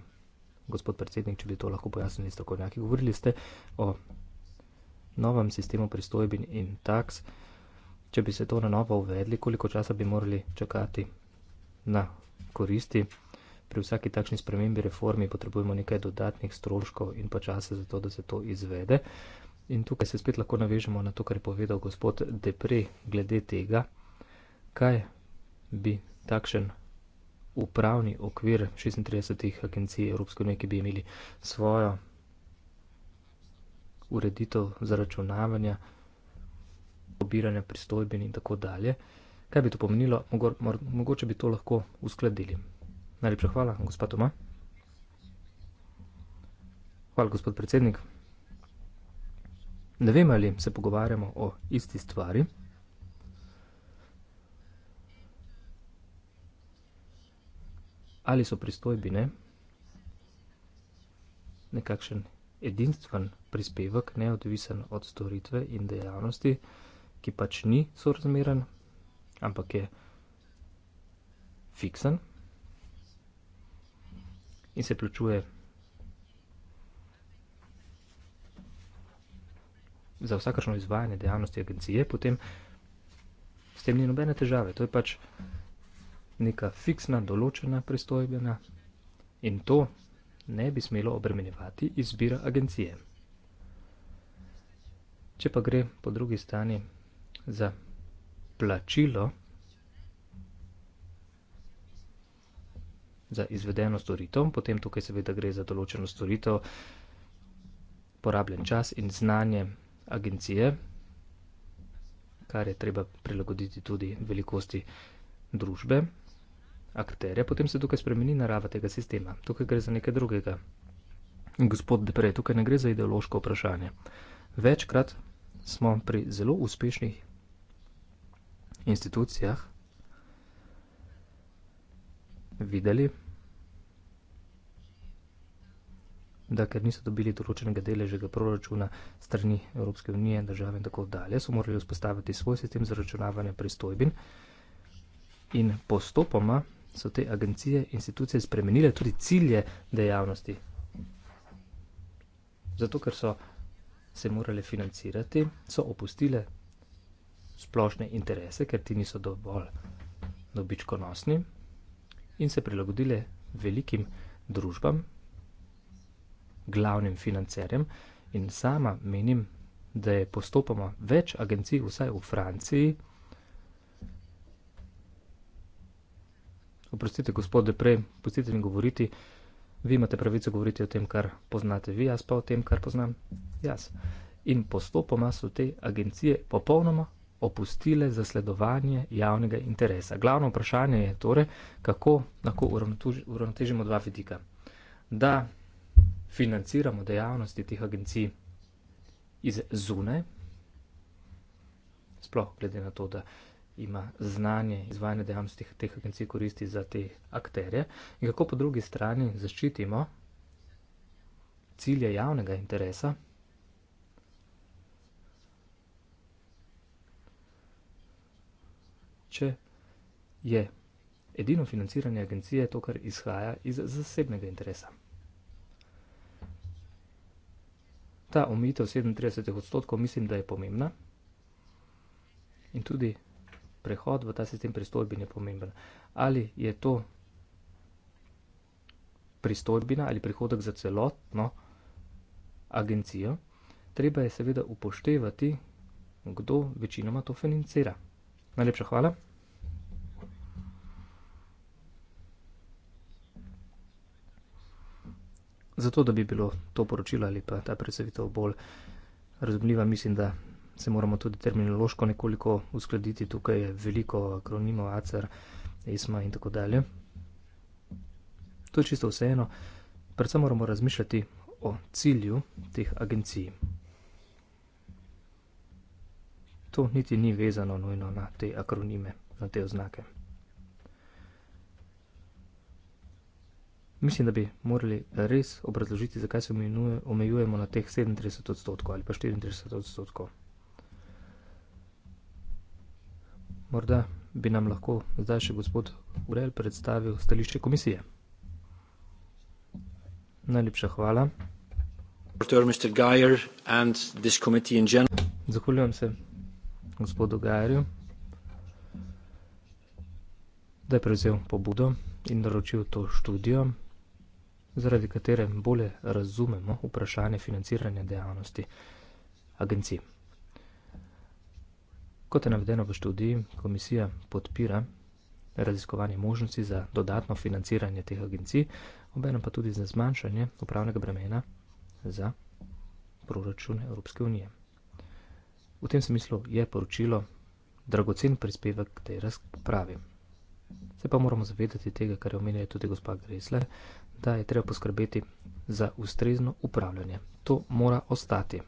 S3: gospod predsednik, če bi to lahko pojasnili strokovnjaki. Govorili ste o novem sistemu pristojbin in taks. Če bi se to na novo uvedli, koliko časa bi morali čakati na koristi? Pri vsaki takšni spremembi reformi potrebujemo nekaj dodatnih stroškov in pa časa za to, da se to izvede. In tukaj se spet lahko navežemo na to, kar je povedal gospod Depre glede tega, kaj bi takšen upravni okvir 36 agencij Evropske unije, ki bi imeli svojo ureditev zaračunavanja, pobiranja pristojbin in tako dalje. Kaj bi to pomenilo? Mogoče bi to lahko uskladili. Najlepša hvala, gospod Toma. Hvala, gospod predsednik. Ne vem, ali se pogovarjamo o isti stvari. ali so pristojbi, ne? Nekakšen edinstven prispevek, neodvisen od storitve in dejavnosti, ki pač ni sorazmeren, ampak je fiksen in se plačuje za vsakršno izvajanje dejavnosti agencije, potem s tem ni nobene težave. To je pač neka fiksna, določena pristojbena in to ne bi smelo obremenjevati izbira agencije. Če pa gre po drugi strani za plačilo za izvedeno storitev, potem tukaj seveda gre za določeno storitev, porabljen čas in znanje agencije, kar je treba prilagoditi tudi velikosti družbe akterja, potem se tukaj spremeni narava tega sistema. Tukaj gre za nekaj drugega. Gospod Depre, tukaj ne gre za ideološko vprašanje. Večkrat smo pri zelo uspešnih institucijah videli, da ker niso dobili določenega deležega proračuna strani Evropske unije, države in tako dalje, so morali vzpostaviti svoj sistem za računavanje pristojbin in postopoma so te agencije, institucije spremenile tudi cilje dejavnosti. Zato, ker so se morali financirati, so opustile splošne interese, ker ti niso dovolj dobičkonosni in se prilagodile velikim družbam, glavnim financerjem in sama menim, da je postopoma več agencij, vsaj v Franciji, Oprostite, gospod Deprej, pustite mi govoriti. Vi imate pravico govoriti o tem, kar poznate vi, jaz pa o tem, kar poznam jaz. In postopoma so te agencije popolnoma opustile zasledovanje javnega interesa. Glavno vprašanje je torej, kako lahko uravnotežimo dva vidika. Da financiramo dejavnosti teh agencij iz zune, sploh glede na to, da ima znanje izvajanja dejavnosti teh agencij koristi za te akterje in kako po drugi strani zaščitimo cilje javnega interesa, če je edino financiranje agencije to, kar izhaja iz zasebnega interesa. Ta omitev 37 odstotkov mislim, da je pomembna in tudi prehod v ta sistem pristojbin je pomemben. Ali je to pristojbina ali prihodek za celotno agencijo, treba je seveda upoštevati, kdo večinoma to financira. Najlepša hvala. Zato, da bi bilo to poročilo ali pa ta predstavitev bolj razumljiva, mislim, da se moramo tudi terminološko nekoliko uskladiti, tukaj je veliko akronimov, ACER, ESMA in tako dalje. To je čisto vseeno, predvsem moramo razmišljati o cilju teh agencij. To niti ni vezano nujno na te akronime, na te oznake. Mislim, da bi morali res obrazložiti, zakaj se omejujemo na teh 37 odstotkov ali pa 34 odstotkov. Morda bi nam lahko zdaj še gospod Urel predstavil stališče komisije. Najlepša hvala. Zahvaljujem se gospodu Gajerju, da je prevzel pobudo in naročil to študijo, zaradi katere bolje razumemo vprašanje financiranja dejavnosti agencije. Kot je navedeno v študiji, komisija podpira raziskovanje možnosti za dodatno financiranje teh agencij, obenem pa tudi za zmanjšanje upravnega bremena za proračune Evropske unije. V tem smislu je poročilo dragocen prispevek k tej razpravi. Se pa moramo zavedati tega, kar je omenila tudi gospa Gresler, da je treba poskrbeti za ustrezno upravljanje. To mora ostati.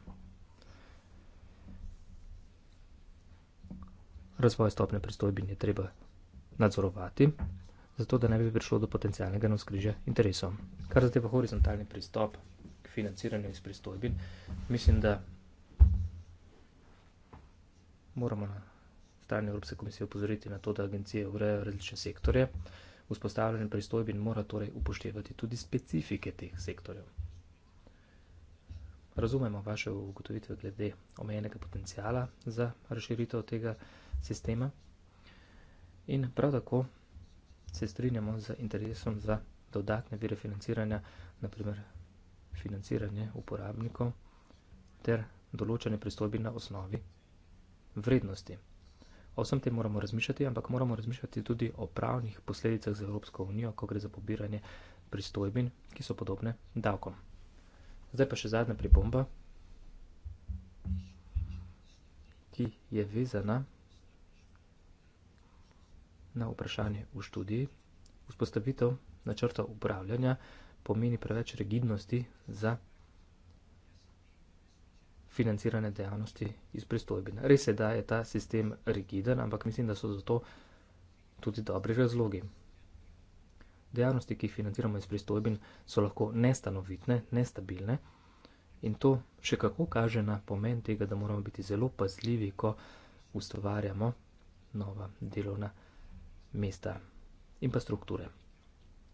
S3: razvoj stopne pristojbine treba nadzorovati, zato da ne bi prišlo do potencijalnega navskrižja interesov. Kar zadeva horizontalni pristop k financiranju iz pristojbin, mislim, da moramo na strani Evropske komisije upozoriti na to, da agencije urejajo različne sektorje. Vzpostavljanje pristojbin mora torej upoštevati tudi specifike teh sektorjev razumemo vaše ugotovitve glede omejenega potencijala za razširitev tega sistema in prav tako se strinjamo z interesom za dodatne vire financiranja, naprimer financiranje uporabnikov ter določene pristojbi na osnovi vrednosti. Osem te moramo razmišljati, ampak moramo razmišljati tudi o pravnih posledicah za Evropsko unijo, ko gre za pobiranje pristojbin, ki so podobne davkom. Zdaj pa še zadnja pripomba, ki je vezana na vprašanje v študiji. Vzpostavitev načrta upravljanja pomeni preveč rigidnosti za financirane dejavnosti iz pristojbina. Res je, da je ta sistem rigiden, ampak mislim, da so zato tudi dobri razlogi dejavnosti, ki jih financiramo iz pristojbin, so lahko nestanovitne, nestabilne. In to še kako kaže na pomen tega, da moramo biti zelo pazljivi, ko ustvarjamo nova delovna mesta in pa strukture.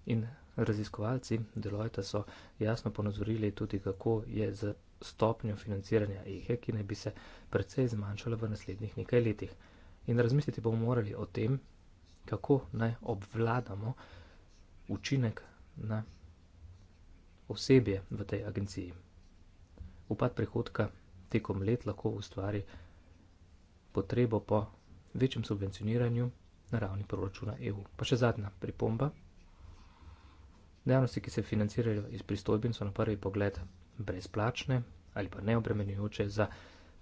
S3: In raziskovalci Deloitte so jasno ponazorili tudi, kako je z stopnjo financiranja IHE, ki naj bi se precej zmanjšala v naslednjih nekaj letih. In razmisliti bomo morali o tem, kako naj obvladamo učinek na osebje v tej agenciji. Upad prihodka tekom let lahko ustvari potrebo po večjem subvencioniranju na ravni proračuna EU. Pa še zadnja pripomba. Dejavnosti, ki se financirajo iz pristojbin, so na prvi pogled brezplačne ali pa neobremenjujoče za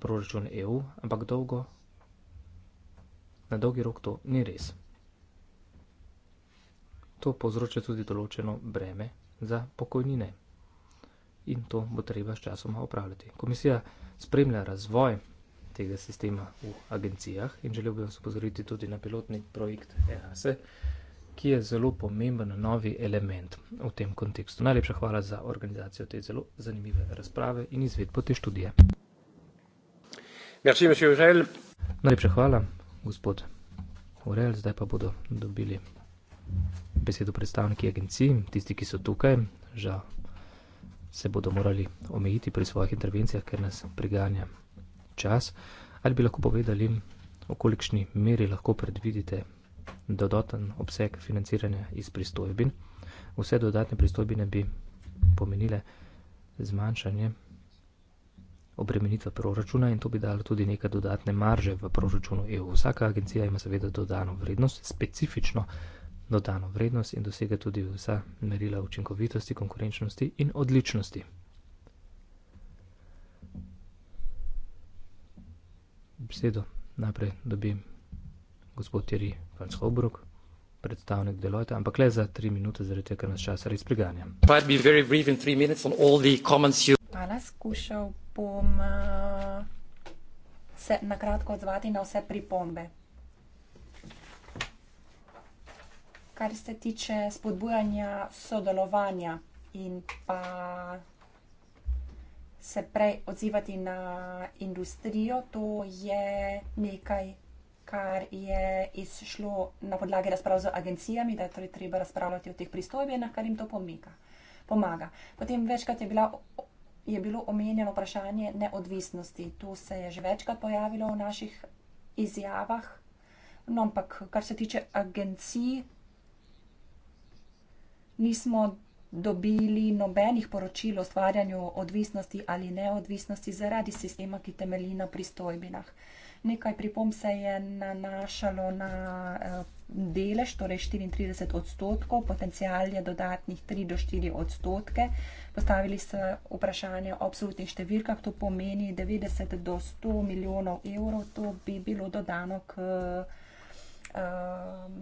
S3: proračun EU, ampak dolgo, na dolgi rok to ni res to povzroča tudi določeno breme za pokojnine. In to bo treba s časoma upravljati. Komisija spremlja razvoj tega sistema v agencijah in želel bi vas upozoriti tudi na pilotni projekt EASE, ki je zelo pomemben novi element v tem kontekstu. Najlepša hvala za organizacijo te zelo zanimive razprave in izvedbo te študije. Merci, monsieur Urel. Najlepša hvala, gospod Urel. Zdaj pa bodo dobili. Thank you besedo predstavniki agencij, tisti, ki so tukaj. Žal se bodo morali omejiti pri svojih intervencijah, ker nas priganja čas. Ali bi lahko povedali, v kolikšni meri lahko predvidite dodaten obseg financiranja iz pristojbin? Vse dodatne pristojbine bi pomenile zmanjšanje obremenitve proračuna in to bi dalo tudi nekaj dodatne marže v proračunu EU. Vsaka agencija ima seveda dodano vrednost, specifično dodano vrednost in dosega tudi vsa merila učinkovitosti, konkurenčnosti in odličnosti. Besedo najprej dobi gospod Thierry van Schobrug, predstavnik Deloitte, ampak le za tri minute, zaradi tega, ker nas čas res priganja.
S1: Hvala, skušal bom uh, se na kratko odzvati na vse pripombe. kar se tiče spodbujanja sodelovanja in pa se prej odzivati na industrijo, to je nekaj, kar je izšlo na podlagi razprav z agencijami, da je torej treba razpravljati o teh pristojbinah, kar jim to pomika, pomaga. Potem večkrat je, bila, je bilo omenjeno vprašanje neodvisnosti. To se je že večkrat pojavilo v naših izjavah. No, ampak kar se tiče agencij, nismo dobili nobenih poročil o stvarjanju odvisnosti ali neodvisnosti zaradi sistema, ki temelji na pristojbinah. Nekaj pripom se je nanašalo na eh, delež, torej 34 odstotkov, potencijal je dodatnih 3 do 4 odstotke. Postavili so vprašanje o absolutnih številkah, to pomeni 90 do 100 milijonov evrov, to bi bilo dodano k. Um,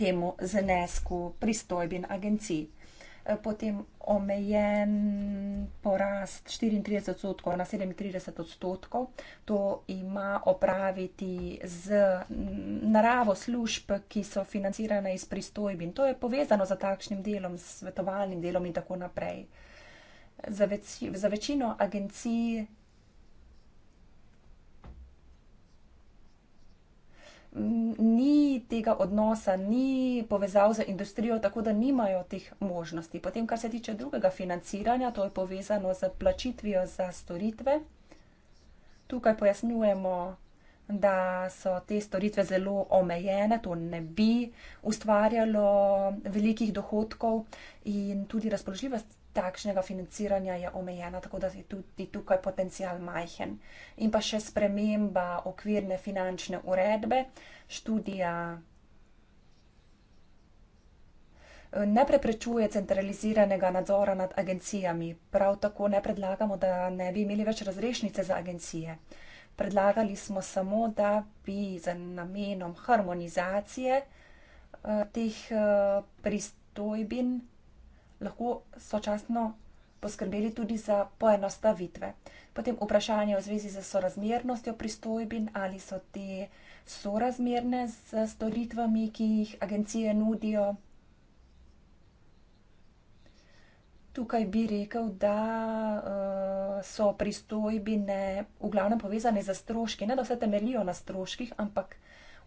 S1: temu znesku pristojbin agencij. E, potem omejen porast 34 odstotkov na 37 odstotkov, to ima opraviti z naravo služb, ki so financirane iz pristojbin. To je povezano z takšnim delom, s svetovalnim delom in tako naprej. Za, več, za večino agencij ni tega odnosa, ni povezav z industrijo, tako da nimajo teh možnosti. Potem, kar se tiče drugega financiranja, to je povezano z plačitvijo za storitve. Tukaj pojasnjujemo, da so te storitve zelo omejene, to ne bi ustvarjalo velikih dohodkov in tudi razpoložljivost takšnega financiranja je omejena, tako da je tudi tukaj potencial majhen. In pa še sprememba okvirne finančne uredbe, študija. Eh, ne preprečuje centraliziranega nadzora nad agencijami. Prav tako ne predlagamo, da ne bi imeli več razrešnice za agencije. Predlagali smo samo, da bi za namenom harmonizacije eh, teh eh, pristojbin lahko sočasno poskrbeli tudi za poenostavitve. Potem vprašanje v zvezi z sorazmernostjo pristojbin, ali so te sorazmerne z storitvami, ki jih agencije nudijo. Tukaj bi rekel, da eh, so pristojbine v glavnem povezane za stroški. Ne, da vse temelijo na stroških, ampak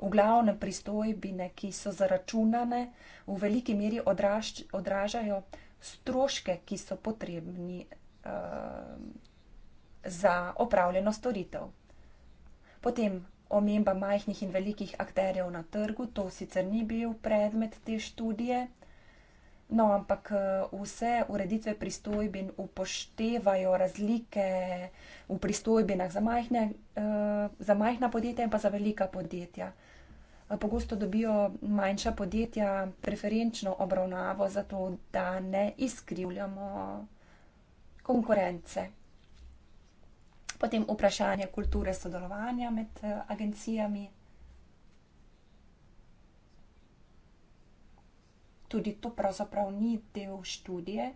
S1: v glavnem pristojbine, ki so zaračunane, v veliki meri odražajo stroški, stroške, ki so potrebni uh, za opravljeno storitev. Potem omemba majhnih in velikih akterjev na trgu, to sicer ni bil predmet te študije, no ampak eh, vse ureditve pristojbin upoštevajo razlike v pristojbinah za, majhne, uh, za majhna podjetja in pa za velika podjetja. Uh, pogosto dobijo manjša podjetja preferenčno obravnavo, zato da ne izkrivljamo konkurence. Potem vprašanje kulture sodelovanja med eh, agencijami. Tudi to pravzaprav ni del študije,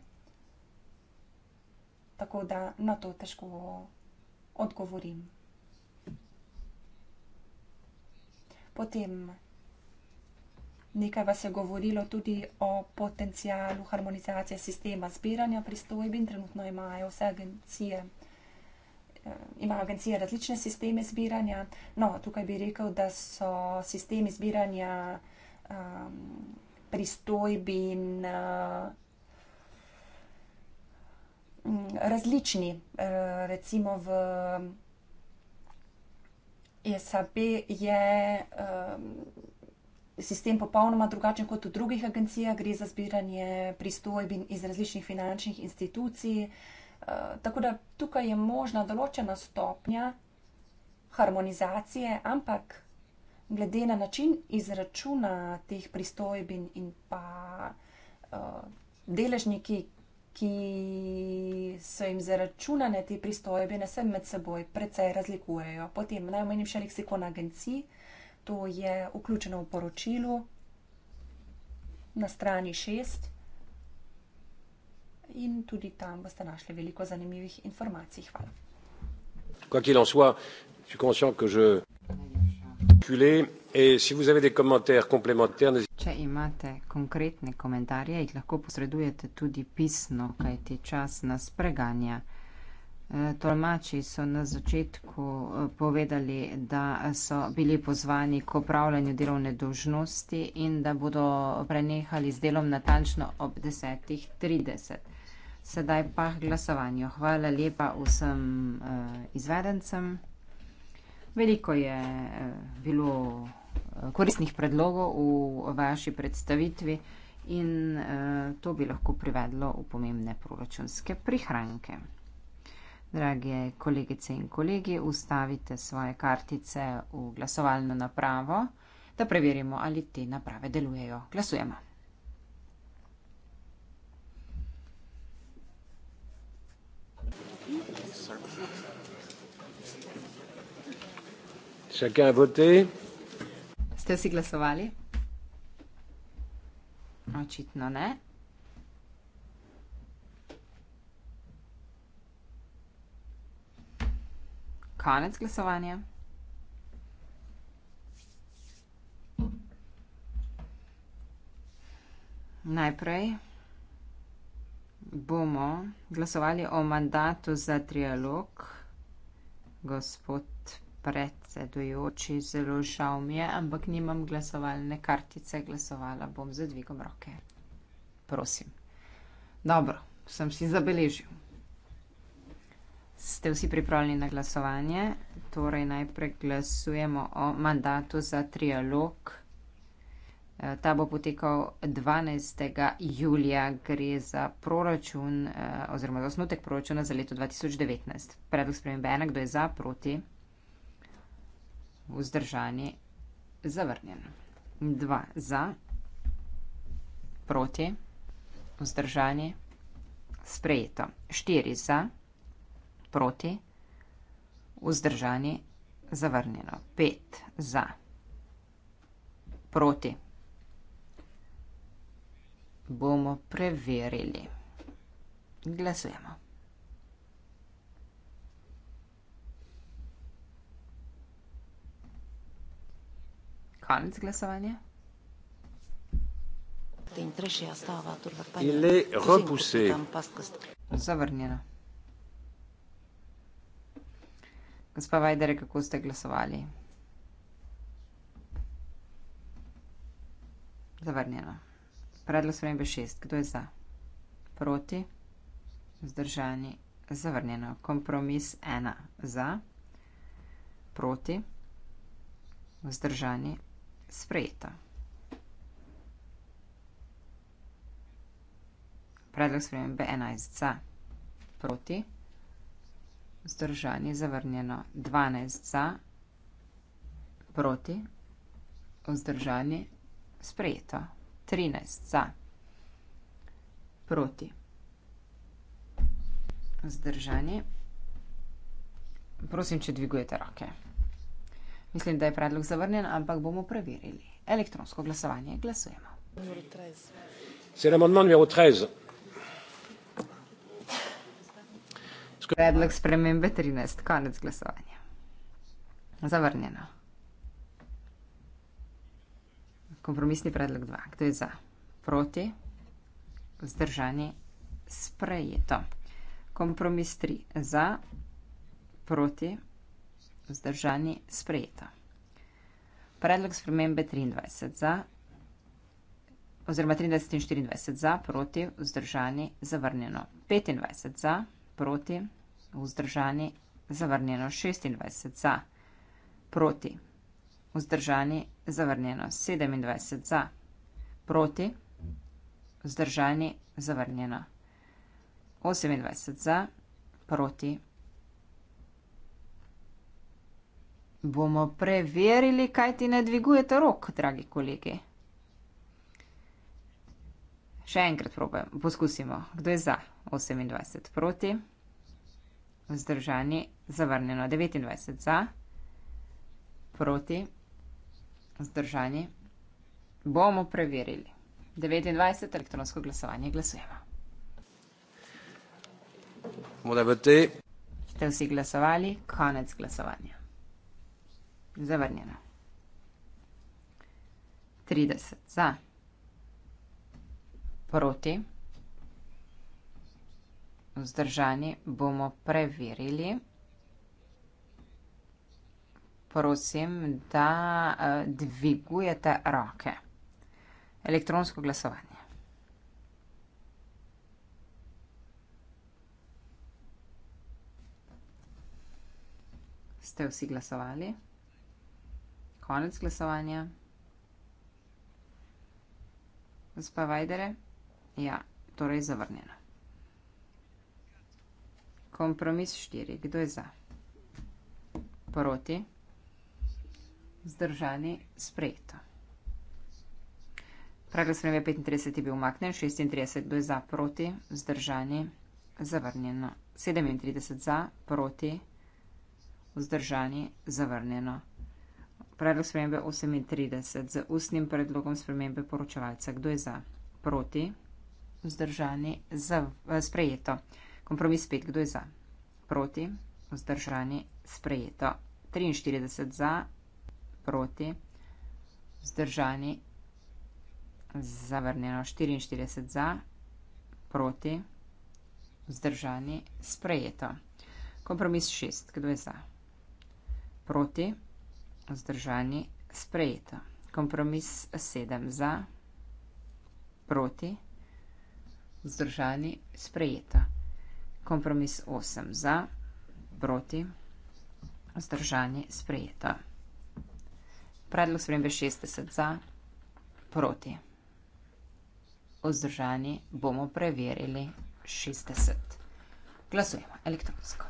S1: tako da na to težko odgovorim. Potem nekaj vas je govorilo tudi o potencijalu harmonizacije sistema zbiranja pristojb in trenutno imajo vse agencije, eh, imajo agencije različne sisteme zbiranja. No, tukaj bi rekel, da so sistemi zbiranja um, ehm, pristojb in uh, Različni, eh, recimo v E SAP je um, sistem popolnoma drugačen kot v drugih agencijah, gre za zbiranje pristojbin iz različnih finančnih institucij. Uh, tako da tukaj je možna določena stopnja harmonizacije, ampak glede na način izračuna teh pristojbin in pa uh, deležniki, ki so jim zaračunane te pristojbe, ne vse med seboj, precej razlikujejo. Potem naj omenim še leksikon agencij, to je vključeno v poročilu na strani 6 in tudi tam boste našli veliko zanimivih informacij. Hvala. Quoi qu'il en soit, je suis conscient que je articulé et si vous avez des commentaires complémentaires Če
S2: imate konkretne komentarje, jih lahko posredujete tudi pisno, kajti čas nas preganja. E, tolmači so na začetku e, povedali, da so bili pozvani k opravljanju delovne dožnosti in da bodo prenehali z delom natančno ob 10.30. Sedaj pa glasovanju. Hvala lepa vsem e, izvedencem. Veliko je eh, bilo eh, koristnih predlogov v vaši predstavitvi in eh, to bi lahko privedlo v pomembne proračunske prihranke. Drage kolegice in kolegi, ustavite svoje kartice v glasovalno napravo, da preverimo, ali te naprave delujejo. Glasujemo. Chacun a voté. Ste vsi glasovali? Očitno ne. Konec glasovanja. Najprej bomo glasovali o mandatu za trialog. Gospod predsedujoči, zelo žal mi je, ampak nimam glasovalne kartice, glasovala bom za dvigom roke. Prosim. Dobro, sem si zabeležil. Ste vsi pripravljeni na glasovanje? Torej najprej glasujemo o mandatu za trialog. E, ta bo potekal 12. julija, gre za proračun e, oziroma za osnutek proračuna za leto 2019. Predlog spremembe 1, kdo je za, proti vzdržani zavrnjen. Dva za, proti, vzdržani, sprejeto. Štiri za, proti, vzdržani, zavrnjeno. Pet za, proti. Bomo preverili. Glasujemo. konec glasovanja. Il est repoussé. Zavrnjeno. Gospa Vajdere, kako ste glasovali? Zavrnjeno. Predlog spremembe šest. Kdo je za? Proti? Zdržani? Zavrnjeno. Kompromis ena. Za? Proti? Vzdržani, sprejeta. Predlog spremembe 11 za, proti, vzdržani, zavrnjeno 12 za, proti, vzdržani, sprejeto 13 za, proti, vzdržani. Prosim, če dvigujete roke. Okay. Mislim, da je predlog zavrnjen, ampak bomo preverili. Elektronsko glasovanje glasujemo. Predlog spremembe 13. Konec glasovanja. Zavrnjeno. Kompromisni predlog 2. Kdo je za? Proti? Vzdržani? Sprejeto. Kompromis 3. Za? Proti? vzdržani, sprejeta. Predlog spremembe 23 za, oziroma 23 in 24 za, proti, vzdržani, zavrnjeno. 25 za, proti, vzdržani, zavrnjeno. 26 za, proti, vzdržani, zavrnjeno. 27 za, proti, vzdržani, zavrnjeno. 28 za, proti, vzdržani. Bomo preverili, kaj ti ne dvigujete rok, dragi kolegi. Še enkrat probujem, poskusimo. Kdo je za? 28 proti, vzdržani, zavrnjeno. 29 za, proti, vzdržani. Bomo preverili. 29 elektronsko glasovanje glasujemo. Ste vsi glasovali? Konec glasovanja. Zavrnjeno. 30 za. Proti. Vzdržani bomo preverili. Prosim, da eh, dvigujete roke. Elektronsko glasovanje. Ste vsi glasovali? Konec glasovanja. Gospa Vajdere? Ja, torej zavrnjeno. Kompromis štiri. Kdo je za? Proti? Zdržani? Sprejeto. Prag glasovanja 35 je bil umaknen. 36. Kdo je za? Proti? Zdržani? Zavrnjeno. 37 za, proti, vzdržani, zavrnjeno. Predlog spremembe 38 z ustnim predlogom spremembe poročevalca. Kdo je za? Proti? Vzdržani? Za, eh, sprejeto. Kompromis 5. Kdo je za? Proti? Vzdržani? Sprejeto. 43 za? Proti? Vzdržani? Zavrnjeno. 44 za? Proti? Vzdržani? Sprejeto. Kompromis 6. Kdo je za? Proti? vzdržani, sprejeto. Kompromis sedem za, proti, vzdržani, sprejeto. Kompromis osem za, proti, vzdržani, sprejeto. Predlog spremembe 60 za, proti. Vzdržani bomo preverili 60. Glasujemo elektronsko.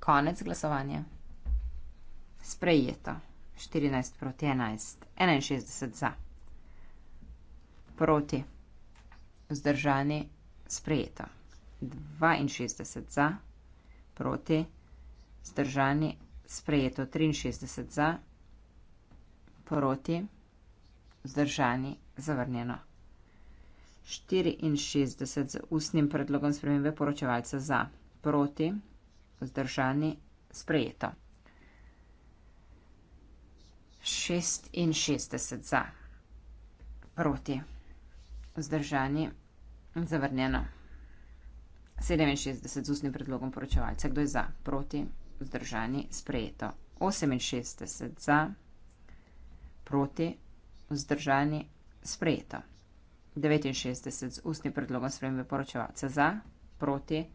S2: Konec glasovanja. Sprejeto. 14 proti 11. 61 za. Proti. Vzdržani. Sprejeto. 62 za. Proti. Vzdržani. Sprejeto. 63 za. Proti. Vzdržani. Zavrnjeno. 64 z ustnim predlogom spremembe poročevalca za. Proti. Vzdržani. Sprejeto. 66 za, proti, vzdržani, zavrnjeno. 67 z ustnim predlogom poročevalca, kdo je za, proti, vzdržani, sprejeto. 68 za, proti, vzdržani, sprejeto. 69 z ustnim predlogom spremembe poročevalca za, proti,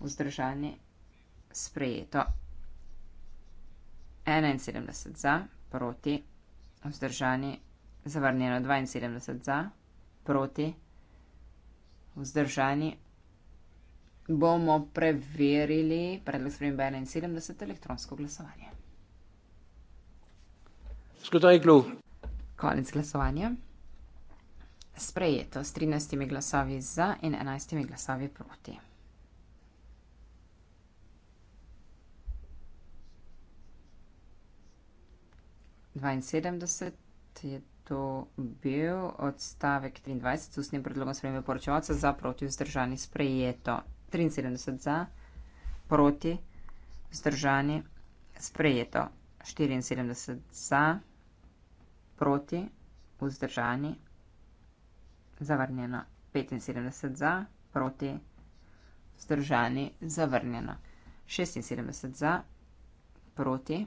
S2: vzdržani, sprejeto. 71 za, proti proti, vzdržani, zavrnjeno 72 za, proti, vzdržani. Bomo preverili predlog sprememb 71 elektronsko glasovanje. Skladajklu. Konec glasovanja. Sprejeto s 13 glasovi za in 11 glasovi proti. 72 je to bil odstavek 23, s tem predlogom spremembe poročevalca za proti vzdržani sprejeto. 73 za, proti vzdržani sprejeto. 74 za, proti vzdržani zavrnjeno. 75 za, proti vzdržani zavrnjeno. 76 za, proti vzdržani zavrnjeno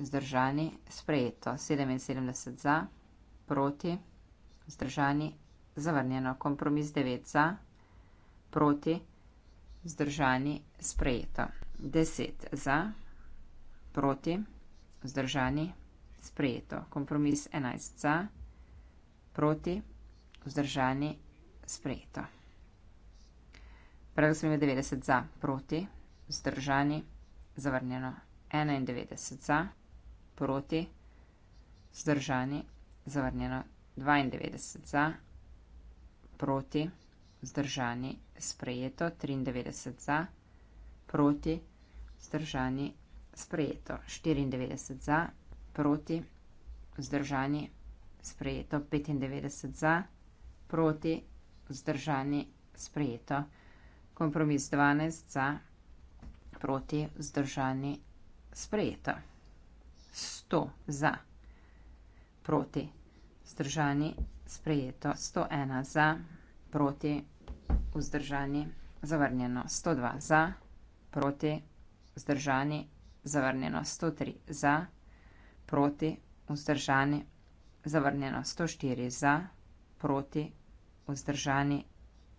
S2: vzdržani, sprejeto 77 za, proti, vzdržani, zavrnjeno kompromis 9 za, proti, vzdržani, sprejeto 10 za, proti, vzdržani, sprejeto kompromis 11 za, proti, vzdržani, sprejeto. Predlog sprejme 90 za, proti, vzdržani, zavrnjeno 91 za proti, vzdržani, zavrnjeno 92 za, proti, vzdržani, sprejeto 93 za, proti, vzdržani, sprejeto 94 za, proti, vzdržani, sprejeto 95 za, proti, vzdržani, sprejeto kompromis 12 za, proti, vzdržani, sprejeto. 100 za, proti, vzdržani, sprejeto, 101 za, proti, vzdržani, zavrnjeno, 102 za, proti, vzdržani, zavrnjeno, 103 za, proti, vzdržani, zavrnjeno, 104 za, proti, vzdržani,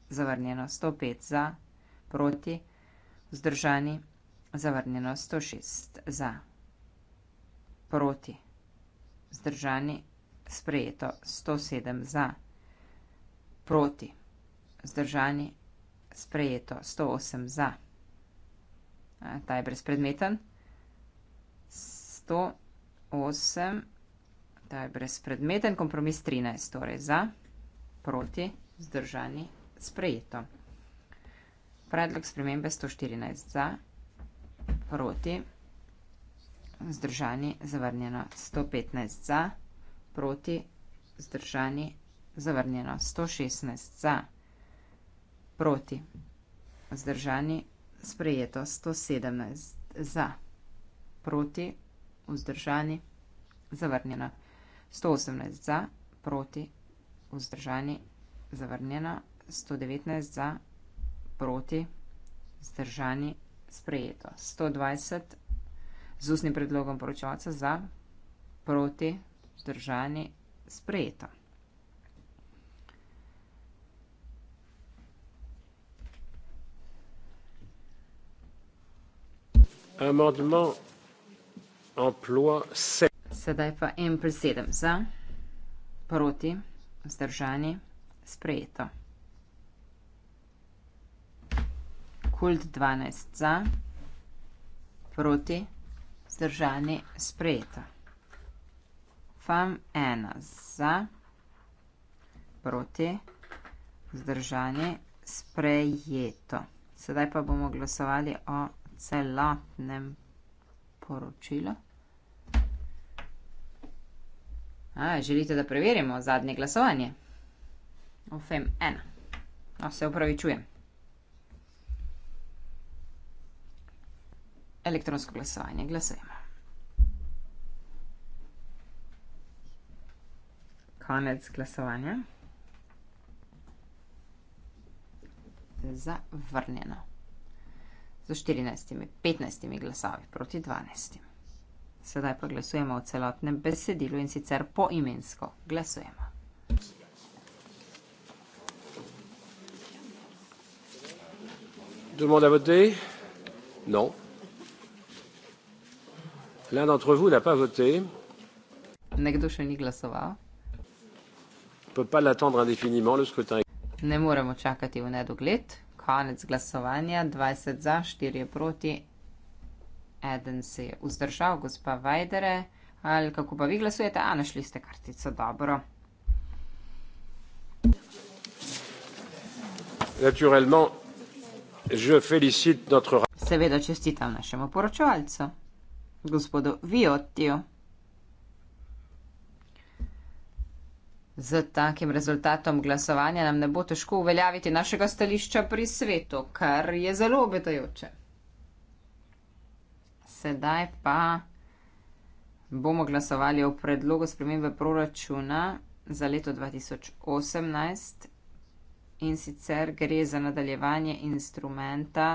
S2: zavrnjeno, 105 za, proti, vzdržani, zavrnjeno, 106 za proti, zdržani, sprejeto 107 za, proti, zdržani, sprejeto 108 za. Ta je brezpredmeten. 108, ta je brezpredmeten, kompromis 13, torej za, proti, zdržani, sprejeto. Predlog spremembe 114 za, proti, zdržani, sprejeto vzdržani, zavrnjeno 115 za, proti, vzdržani, zavrnjeno 116 za, proti, vzdržani, sprejeto 117 za, proti, vzdržani, zavrnjeno 118 za, proti, vzdržani, zavrnjeno 119 za, proti, vzdržani, sprejeto 120 za z ustnim predlogom poročevalca za, proti, vzdržani, sprejeto.
S3: Amandman emploi se.
S2: Sedaj pa en plus sedem za, proti, vzdržani, sprejeto. Kult dvanajst za, proti vzdržani, sprejeta. Fam ena za, proti, vzdržani, sprejeto. Sedaj pa bomo glasovali o celotnem poročilu. A, želite, da preverimo zadnje glasovanje? O fem ena. No, se upravičujem. Elektronsko glasovanje, glasujemo. konec glasovanja. Zavrnjeno. Z 14, 15 glasovi proti 12. Sedaj pa glasujemo o celotnem besedilu in sicer poimensko glasujemo.
S3: Tout le monde a voté Non. L'un d'entre vous n'a pas voté.
S2: Nekdo še ni glasoval
S3: peut pas l'attendre indéfiniment, le scrutin.
S2: Ne moremo čakati v nedogled. Konec glasovanja, 20 za, 4 proti. Eden se je vzdržal, gospa Vajdere. Ali kako pa vi glasujete? A, našli ste kartico, dobro.
S3: Naturellement,
S2: je félicite notre... Seveda čestitam našemu poročevalcu, gospodu Viotiju. Z takim rezultatom glasovanja nam ne bo težko uveljaviti našega stališča pri svetu, kar je zelo obetajoče. Sedaj pa bomo glasovali o predlogu spremembe proračuna za leto 2018 in sicer gre za nadaljevanje instrumenta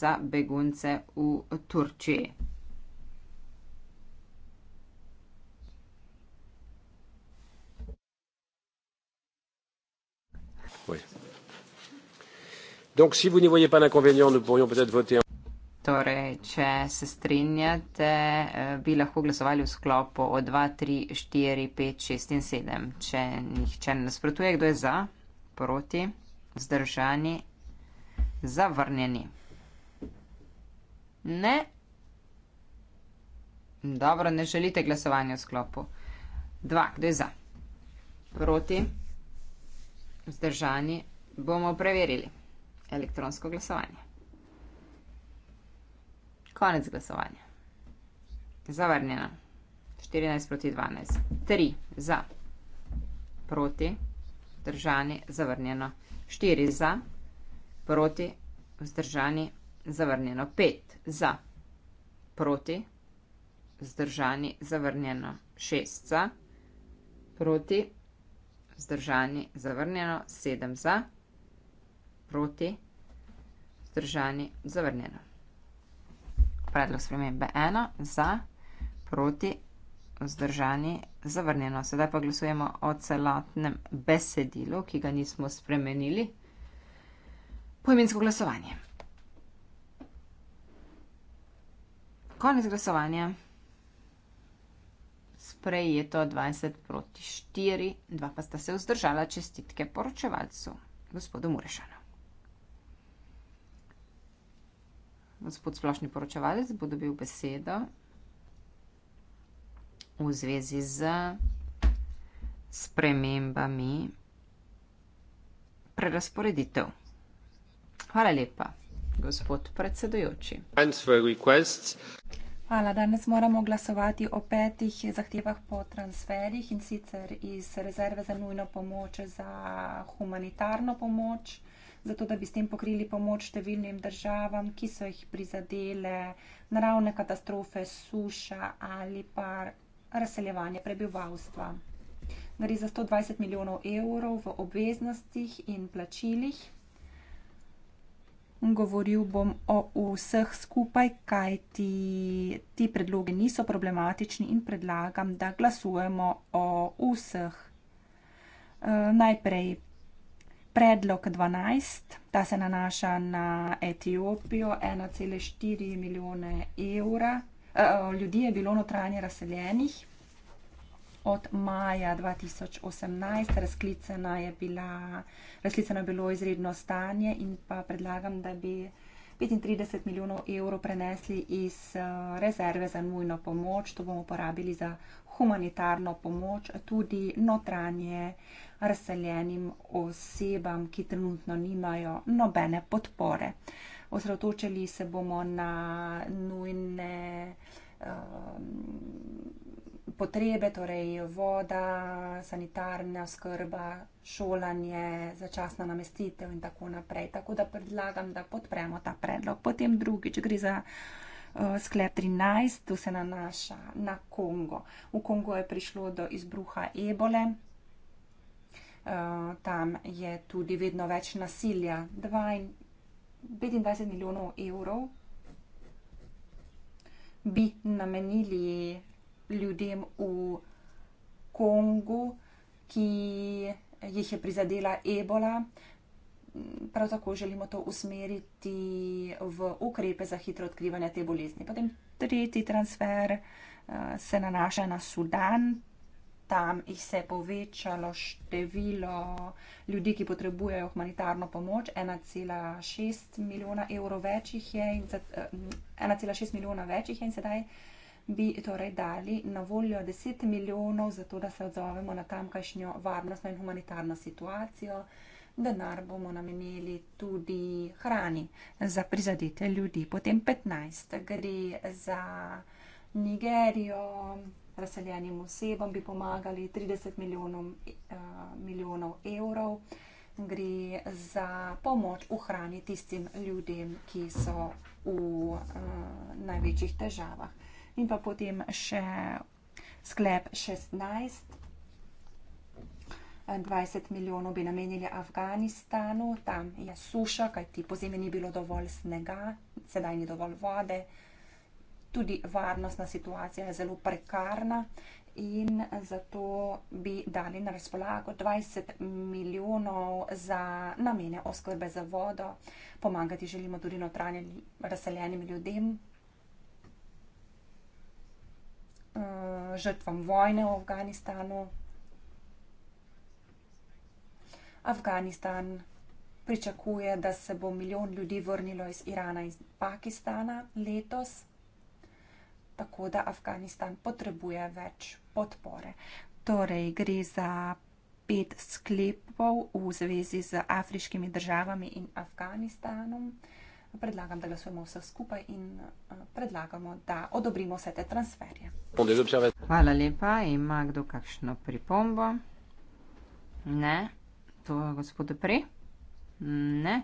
S2: za begunce v Turčiji. Torej, če se strinjate, eh, bi lahko glasovali v sklopu o 2, 3, 4, 5, 6 in 7. Če nihče ne nasprotuje, kdo je za, proti, zdržani, zavrnjeni. Ne? Dobro, ne želite glasovanja v sklopu. 2, kdo je za? Proti? vzdržani, bomo preverili elektronsko glasovanje. Konec glasovanja. Zavrnjeno. 14 proti 12. 3 za, proti, vzdržani, zavrnjeno. 4 za, proti, vzdržani, zavrnjeno. 5 za, proti, vzdržani, zavrnjeno. 6 za, proti, vzdržani vzdržani, zavrnjeno, sedem za, proti, vzdržani, zavrnjeno. Predlog spremembe ena, za, proti, vzdržani, zavrnjeno. Sedaj pa glasujemo o celotnem besedilu, ki ga nismo spremenili. Poimensko glasovanje. Konec glasovanja prejeto 20 proti 4, dva pa sta se vzdržala čestitke poročevalcu, gospodu Murešanu. Gospod splošni poročevalec bo dobil besedo v zvezi z spremembami prerasporeditev. Hvala lepa, gospod
S1: predsedujoči. Hvala. Danes moramo glasovati o petih zahtevah po transferih in sicer iz rezerve za nujno pomoč za humanitarno pomoč, zato da bi s tem pokrili pomoč številnim državam, ki so jih prizadele naravne katastrofe, suša ali pa razseljevanje prebivalstva. Gre za 120 milijonov evrov v obveznostih in plačilih govoril bom o vseh skupaj, kajti ti predloge niso problematični in predlagam, da glasujemo o vseh. E, najprej predlog 12, ta se nanaša na Etiopijo, 1,4 milijone evra. E, Ljudje je bilo notranje razseljenih od maja 2018. Razklicena je bila, razklicena je bilo izredno stanje in pa predlagam, da bi 35 milijonov evrov prenesli iz eh, rezerve za nujno pomoč. To bomo uporabili za humanitarno pomoč, tudi notranje razseljenim osebam, ki trenutno nimajo nobene podpore. Osredotočili se bomo na nujne, eh, potrebe, torej voda, sanitarna oskrba, šolanje, začasna namestitev in tako naprej. Tako da predlagam, da podpremo ta predlog. Potem drugič gre za uh, sklep 13, tu se nanaša na Kongo. V Kongo je prišlo do izbruha ebole. Uh, tam je tudi vedno več nasilja. 25 milijonov evrov bi namenili ljudem v Kongu, ki jih je prizadela ebola. Prav tako želimo to usmeriti v ukrepe za hitro odkrivanje te bolezni. Potem tretji transfer eh, se nanaša na Sudan. Tam jih se je povečalo število ljudi, ki potrebujejo humanitarno pomoč. 1,6 milijona evrov več jih je in eh, sedaj bi torej dali na voljo 10 milijonov, zato da se odzovemo na tamkajšnjo varnostno in humanitarno situacijo. Denar bomo namenili tudi hrani za prizadete ljudi. Potem 15 gre za Nigerijo, razseljenim osebam bi pomagali 30 milijonov, uh, eh, milijonov evrov. Gre za pomoč v hrani tistim ljudem, ki so v uh, največjih težavah in pa potem še sklep 16. 20 milijonov bi namenili Afganistanu, tam je suša, kajti po zemi ni bilo dovolj snega, sedaj ni dovolj vode, tudi varnostna situacija je zelo prekarna in zato bi dali na razpolago 20 milijonov za namene oskrbe za vodo. Pomagati želimo tudi notranjim razseljenim ljudem, Eh, žrtvam vojne v Afganistanu. Afganistan pričakuje, da se bo milijon ljudi vrnilo iz Irana in Pakistana letos. Tako da Afganistan potrebuje več podpore. Torej, gre za pet sklepov v zvezi z afriškimi državami in Afganistanom. Predlagam, da glasujemo vse skupaj in eh, predlagamo, da odobrimo vse te transferje.
S2: Hvala lepa. Ima kdo kakšno pripombo? Ne. To je gospod Pri? Ne.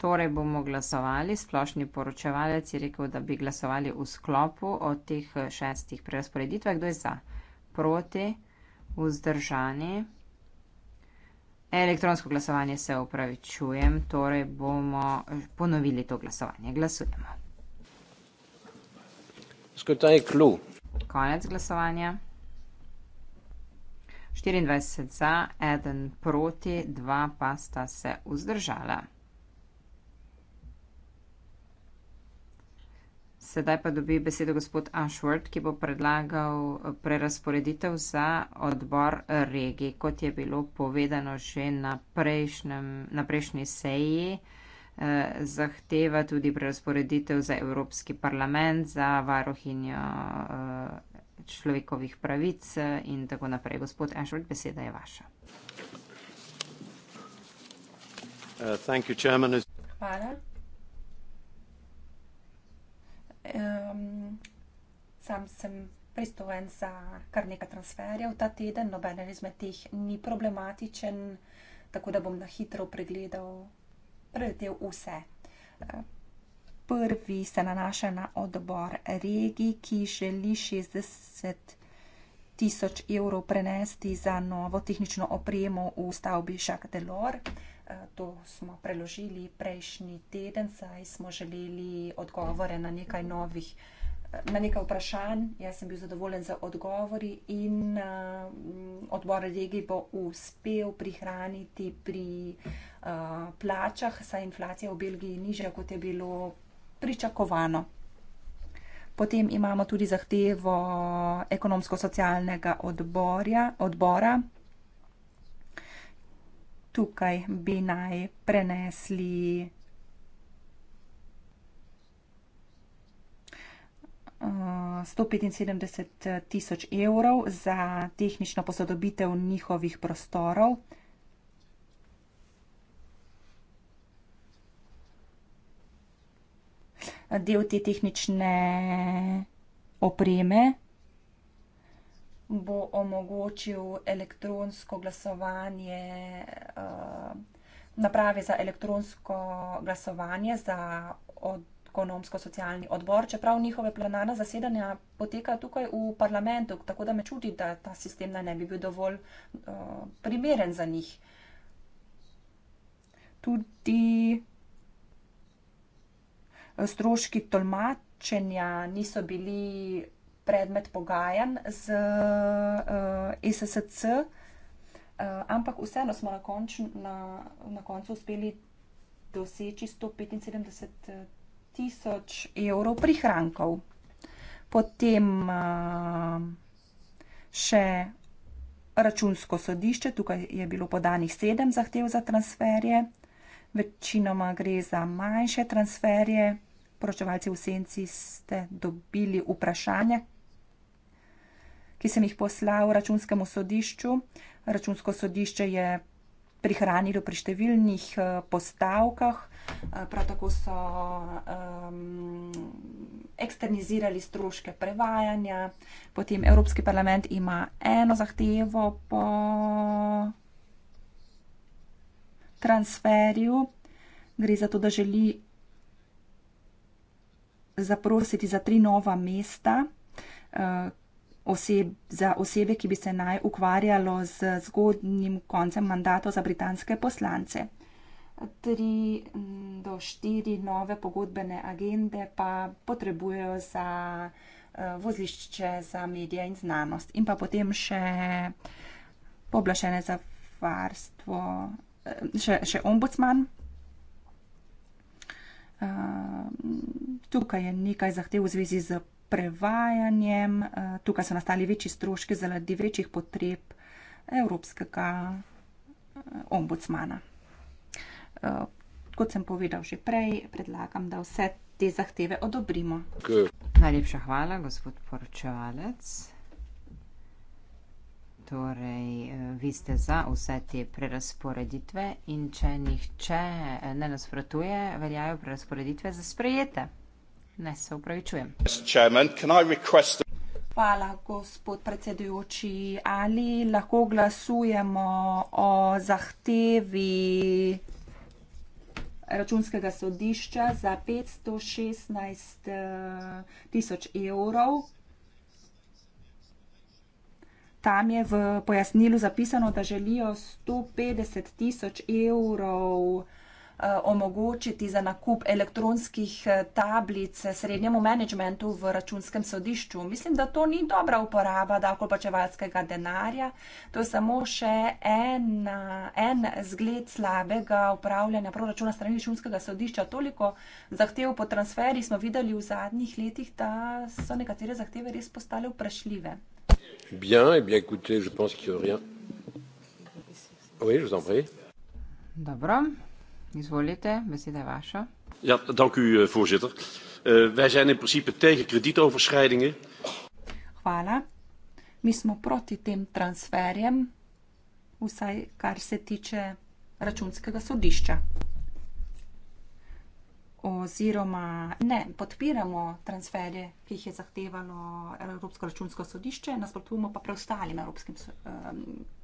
S2: Torej bomo glasovali. Splošni poročevalec je rekel, da bi glasovali v sklopu o teh šestih prerasporeditvah. Kdo je za? Proti? Vzdržani? Elektronsko glasovanje se upravičujem, torej bomo ponovili to glasovanje. Glasujemo. Skrtaj klu. Konec glasovanja. 24 za, 1 proti, 2 pa sta se vzdržala. Sedaj pa dobi besedo gospod Ashworth, ki bo predlagal eh, prerasporeditev za odbor regij, kot je bilo povedano že na, prejšnjem, na prejšnji seji. Eh, zahteva tudi prerasporeditev za Evropski parlament, za varohinjo eh, človekovih pravic in tako naprej. Gospod Ashworth, beseda je vaša. Uh, you,
S1: Hvala. Um, sam sem pristojen za kar nekaj transferjev ta teden, nobene izmed teh ni problematičen, tako da bom na hitro pregledal, preletel vse. Prvi se nanaša na odbor regij, ki želi 60 tisoč evrov prenesti za novo tehnično opremo v stavbi Jacques Delors. Eh, to smo preložili prejšnji teden, saj smo želeli odgovore na nekaj novih, eh, na nekaj vprašanj. Jaz sem bil zadovoljen za odgovori in eh, odbor regij bo uspel prihraniti pri plačah, saj inflacija v Belgiji nižja, kot je bilo pričakovano. Potem imamo tudi zahtevo ekonomsko-socialnega odbora, tukaj bi naj prenesli. Uh, eh, 175 tisoč evrov za tehnično posodobitev njihovih prostorov. Del te tehnične opreme bo omogočil elektronsko glasovanje, eh, naprave za elektronsko glasovanje za ekonomsko-socialni odbor, čeprav njihove plenarne zasedanja potekajo tukaj v parlamentu, tako da me čuti, da ta sistem ne bi bil dovolj eh, primeren za njih. Tudi eh, stroški tolmačenja niso bili predmet pogajanj z uh, eh, SSC, uh, eh, ampak vseeno smo na, konč, na, na koncu uspeli doseči 175 eh, tisoč evrov prihrankov. Potem uh, še računsko sodišče, tukaj je bilo podanih sedem zahtev za transferje, večinoma gre za manjše transferje. Poročevalci v senci ste dobili vprašanja, ki sem jih poslal računskemu sodišču. Računsko sodišče je prihranilo pri številnih eh, postavkah, eh, prav tako so um, eksternizirali stroške prevajanja. Potem Evropski parlament ima eno zahtevo po transferju. Gre za to, da želi zaprositi za tri nova mesta, eh, oseb, za osebe, ki bi se naj ukvarjalo z zgodnim koncem mandatov za britanske poslance. Tri do štiri nove pogodbene agende pa potrebujejo za eh, vozlišče za medije in znanost in pa potem še poblašene za varstvo, eh, še, še ombudsman. Eh, tukaj je nekaj zahtev v zvezi z prevajanjem. Eh, tukaj so nastali večji stroški zaradi večjih potreb evropskega eh, ombudsmana. Eh, kot sem povedal že prej, predlagam, da vse te zahteve odobrimo. Najlepša hvala, gospod
S2: poročevalec. Torej, vi ste za vse te prerasporeditve in če nihče ne nasprotuje, veljajo
S1: prerasporeditve za sprejete.
S2: Ne, se upravičujem.
S1: Hvala, gospod predsedujoči. Ali lahko glasujemo o zahtevi računskega sodišča za 516 eh, tisoč evrov? Tam je v pojasnilu zapisano, da želijo 150 tisoč evrov Eh, omogočiti za nakup elektronskih eh, tablic srednjemu menedžmentu v računskem sodišču. Mislim, da to ni dobra uporaba davkoplačevalskega denarja. To je samo še en, en zgled slabega upravljanja proračuna strani računskega sodišča. Toliko zahtev po transferi smo videli v zadnjih letih, da so nekatere zahteve res postale vprašljive.
S2: Bien, eh bien, écoutez, je pense qu'il n'y a rien.
S1: Oui, je vous en prie.
S2: D'abord. Izvolite, beseda vaša.
S1: Ja, dank u eh, voorzitter. Uh, wij zijn in principe tegen kredietoverschrijdingen. Hvala. Mi smo proti tem transferjem, vsaj kar se tiče računskega sodišča oziroma ne podpiramo transferje, ki jih je zahtevalo Evropsko računsko sodišče, nasprotujemo pa preostalim evropskim ehm,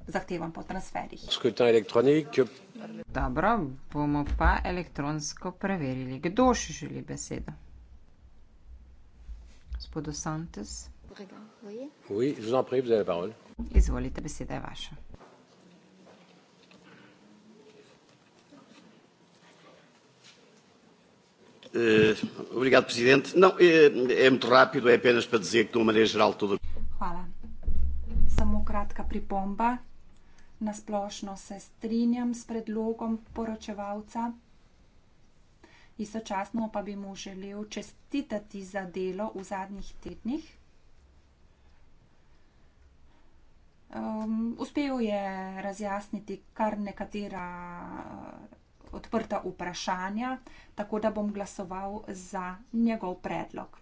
S1: zahtevam po transferjih.
S2: Dobro, bomo pa elektronsko preverili, kdo še želi besedo. Gospod Santos. Oui, oui, prie, Izvolite, beseda je vaša. Uh, obrigado, Presidente. Não, é, é muito rápido, é apenas para dizer que, de uma maneira
S1: geral, tudo. Hvala. Samo kratka pripomba. Na splošno se strinjam s predlogom poročevalca, istočasno pa bi mu želel čestitati za delo v zadnjih tednih. Um, uspel je razjasniti kar nekatera. Uh, odprta vprašanja, tako da bom glasoval za njegov predlog.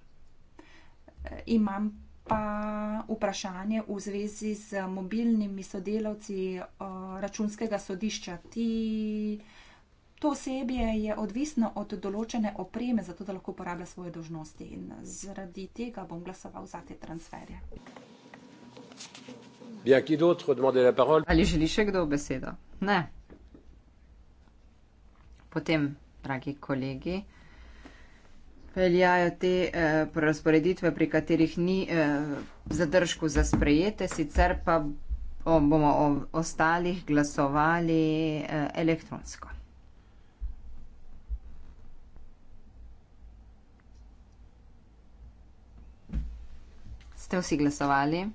S1: Imam pa vprašanje v zvezi z mobilnimi sodelavci eh, računskega sodišča. Ti, to osebje je odvisno od določene opreme, zato da lahko uporablja svoje dožnosti in zaradi tega bom glasoval za te transferje.
S2: Ali želi še kdo besedo? Ne potem, dragi kolegi, peljajo te eh, prerasporeditve, pri katerih ni eh, zadržku za sprejete, sicer pa o, bomo o ostalih glasovali eh, elektronsko. Ste vsi glasovali?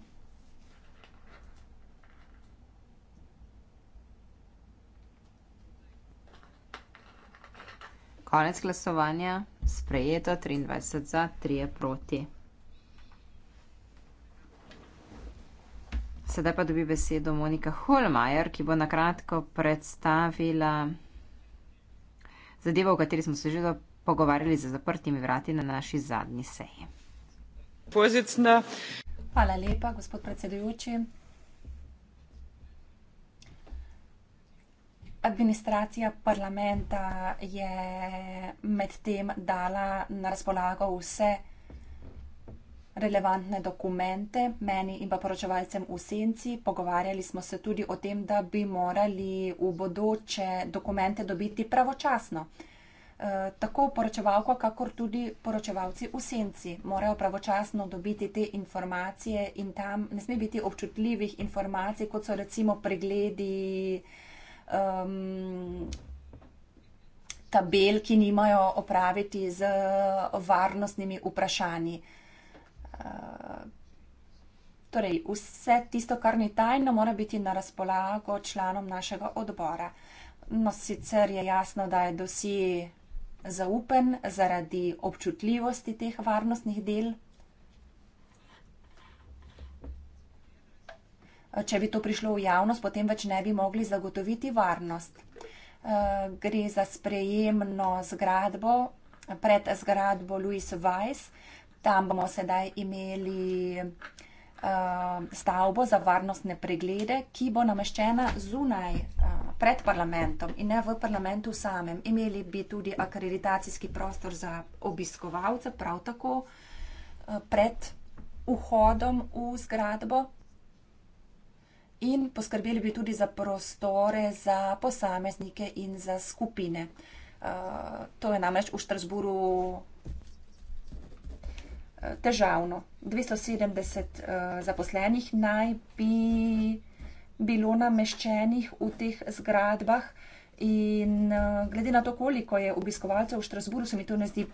S2: Konec glasovanja. Sprejeto 23 za, 3 proti. Sedaj pa dobi besedo Monika Holmajer, ki bo nakratko predstavila zadevo, o kateri smo se že pogovarjali za zaprtimi vrati na naši zadnji seji. Pozicna.
S1: Hvala lepa, gospod predsedujoči. Administracija parlamenta je medtem dala na razpolago vse relevantne dokumente meni in pa poročevalcem v senci. Pogovarjali smo se tudi o tem, da bi morali v bodoče dokumente dobiti pravočasno. E, tako poročevalko, kakor tudi poročevalci v senci morajo pravočasno dobiti te informacije in tam ne sme biti občutljivih informacij, kot so recimo pregledi um, tabel, ki nimajo opraviti z uh, varnostnimi vprašanji. Uh, torej, vse tisto, kar ni tajno, mora biti na razpolago članom našega odbora. No, sicer je jasno, da je dosi zaupen zaradi občutljivosti teh varnostnih del Eh, če bi to prišlo v javnost, potem več ne bi mogli zagotoviti varnost. Eh, gre za sprejemno zgradbo, pred zgradbo Louis Weiss. Tam bomo sedaj imeli eh, stavbo za varnostne preglede, ki bo nameščena zunaj, pred parlamentom in ne v parlamentu samem. Imeli bi tudi akreditacijski prostor za obiskovalce, prav tako pred vhodom v zgradbo in poskrbeli bi tudi za prostore za posameznike in za skupine. Eh, to je namreč v Štrasburu eh, težavno. 270 eh, zaposlenih naj bi bilo nameščenih v teh zgradbah in glede na to, koliko je obiskovalcev v Štrasburu, se mi to ne zdi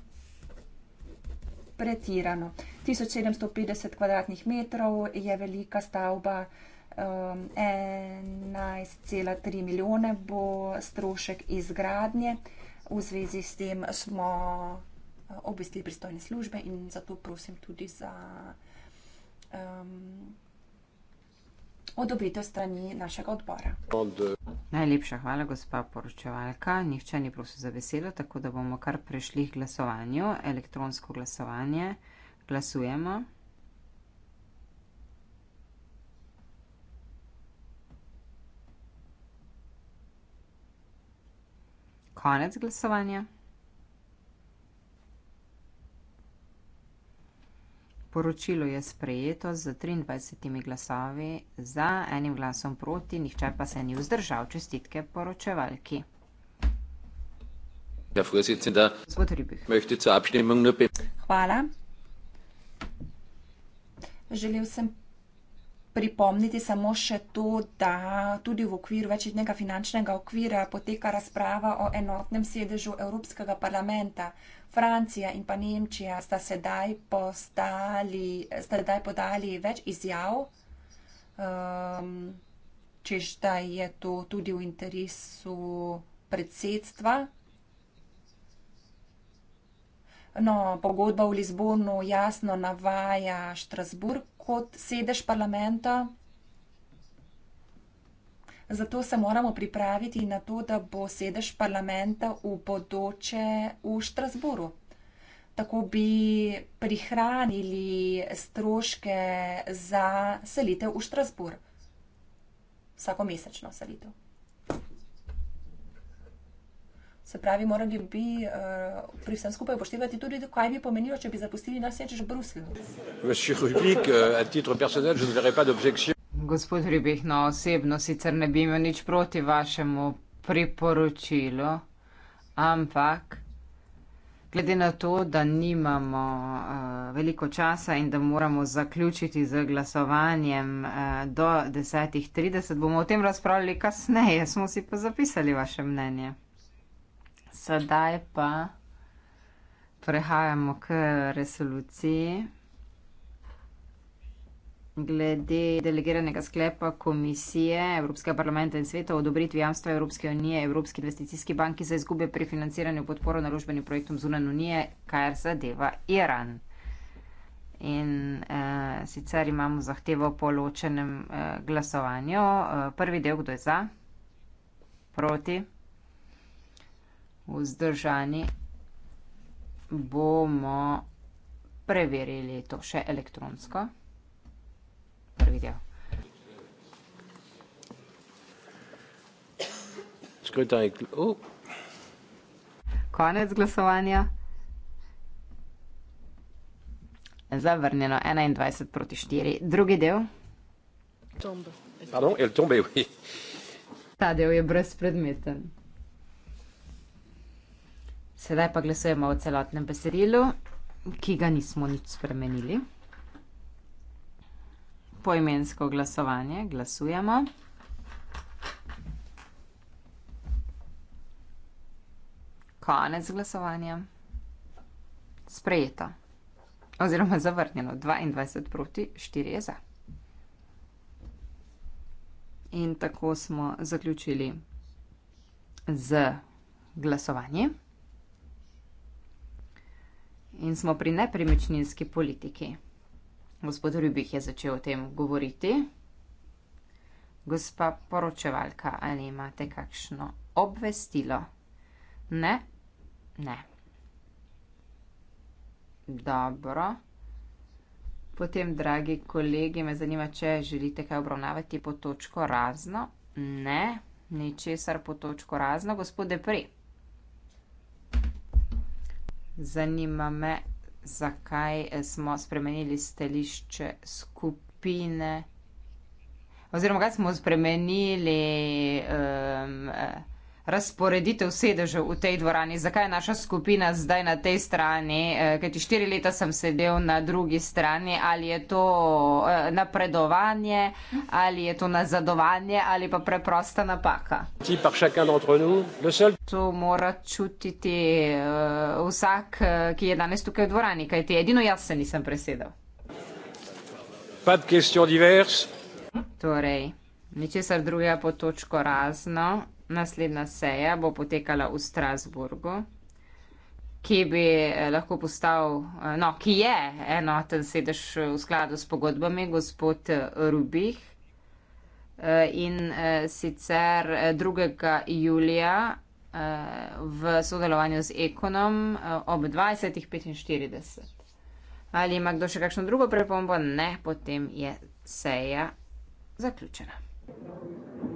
S1: pretirano. 1750 kvadratnih metrov je velika stavba vsega um, 11,3 milijone bo strošek izgradnje. V zvezi s tem smo uh, obvestili pristojne službe in zato prosim tudi za um, odobritev strani našega odbora.
S2: Od... Eh, Najlepša hvala, gospa poročevalka. Nihče ni prosil za besedo, tako da bomo kar prešli k glasovanju, elektronsko glasovanje. Glasujemo. konec glasovanja. Poročilo je sprejeto z 23 glasovi za enim glasom proti, nihče pa se ni vzdržal čestitke poročevalki.
S1: Hvala. Želel sem pripomniti samo še to, da tudi v okviru večletnega finančnega okvira poteka razprava o enotnem sedežu Evropskega parlamenta. Francija in pa Nemčija sta sedaj, postali, sta sedaj podali več izjav, um, ehm, čež da je to tudi v interesu predsedstva. No, pogodba v Lizbonu jasno navaja Štrasburg, kot sedež parlamenta. Zato se moramo pripraviti na to, da bo sedež parlamenta v bodoče v Štrasburu. Tako bi prihranili stroške za selitev v Štrasbur. Vsako mesečno selitev. Se pravi, morali bi uh, pri vsem skupaj upoštevati tudi, kaj bi pomenilo, če bi zapustili naslednjič v Bruslju.
S2: Eh, Gospod Ribih, no osebno sicer ne bi imel nič proti vašemu priporočilu, ampak glede na to, da nimamo uh, veliko časa in da moramo zaključiti z glasovanjem uh, do 10.30, bomo o tem razpravljali kasneje, smo si pa zapisali vaše mnenje. Sedaj pa prehajamo k resoluciji. Glede delegiranega sklepa Komisije Evropskega parlamenta in sveta o odobritvi jamstva Evropske unije Evropski investicijski banki za izgube pri financiranju podporo naložbenim projektom zunan unije, kar zadeva Iran. In eh, sicer imamo zahtevo po ločenem eh, glasovanju. Eh, prvi del, kdo je za? Proti? vzdržani, bomo preverili to še elektronsko. Prvi del. Oh. Konec glasovanja. Zavrnjeno, 21 proti 4. Drugi del.
S1: Pardon, el tombe, oui.
S2: Ta del je brezpredmeten. Sedaj pa glasujemo o celotnem besedilu, ki ga nismo nič spremenili. Poimensko glasovanje, glasujemo. Konec glasovanja. Sprejeto. Oziroma zavrnjeno. 22 proti 4 je za. In tako smo zaključili z glasovanjem in smo pri nepremičninski politiki. Gospod Rubih je začel o tem govoriti. Gospa poročevalka, ali imate kakšno obvestilo? Ne? Ne. Dobro. Potem, dragi kolegi, me zanima, če želite kaj obravnavati po točko razno. Ne, ničesar po točko razno, gospod Depri. Zanima me, zakaj smo spremenili stališče skupine. Oziroma, kaj smo spremenili? Um, razporeditev sedežev v tej dvorani, zakaj je naša skupina zdaj na tej strani, eh, kajti štiri leta sem sedel na drugi strani, ali je to eh, napredovanje, ali je to nazadovanje, ali pa preprosta napaka. To mora čutiti eh, vsak, ki je danes tukaj v dvorani, kajti edino jaz se nisem presedel. Torej, ničesar drugega pod točko razno. Naslednja seja bo potekala v Strasburgu, ki bi eh, lahko postal, eh, no, ki je enoten sedež eh, v skladu s pogodbami, gospod Rubih. In sicer 2. julija v sodelovanju z Ekonom ob 20.45. Ali ima kdo še kakšno drugo pripombo? Ne, potem je seja zaključena. Thank you.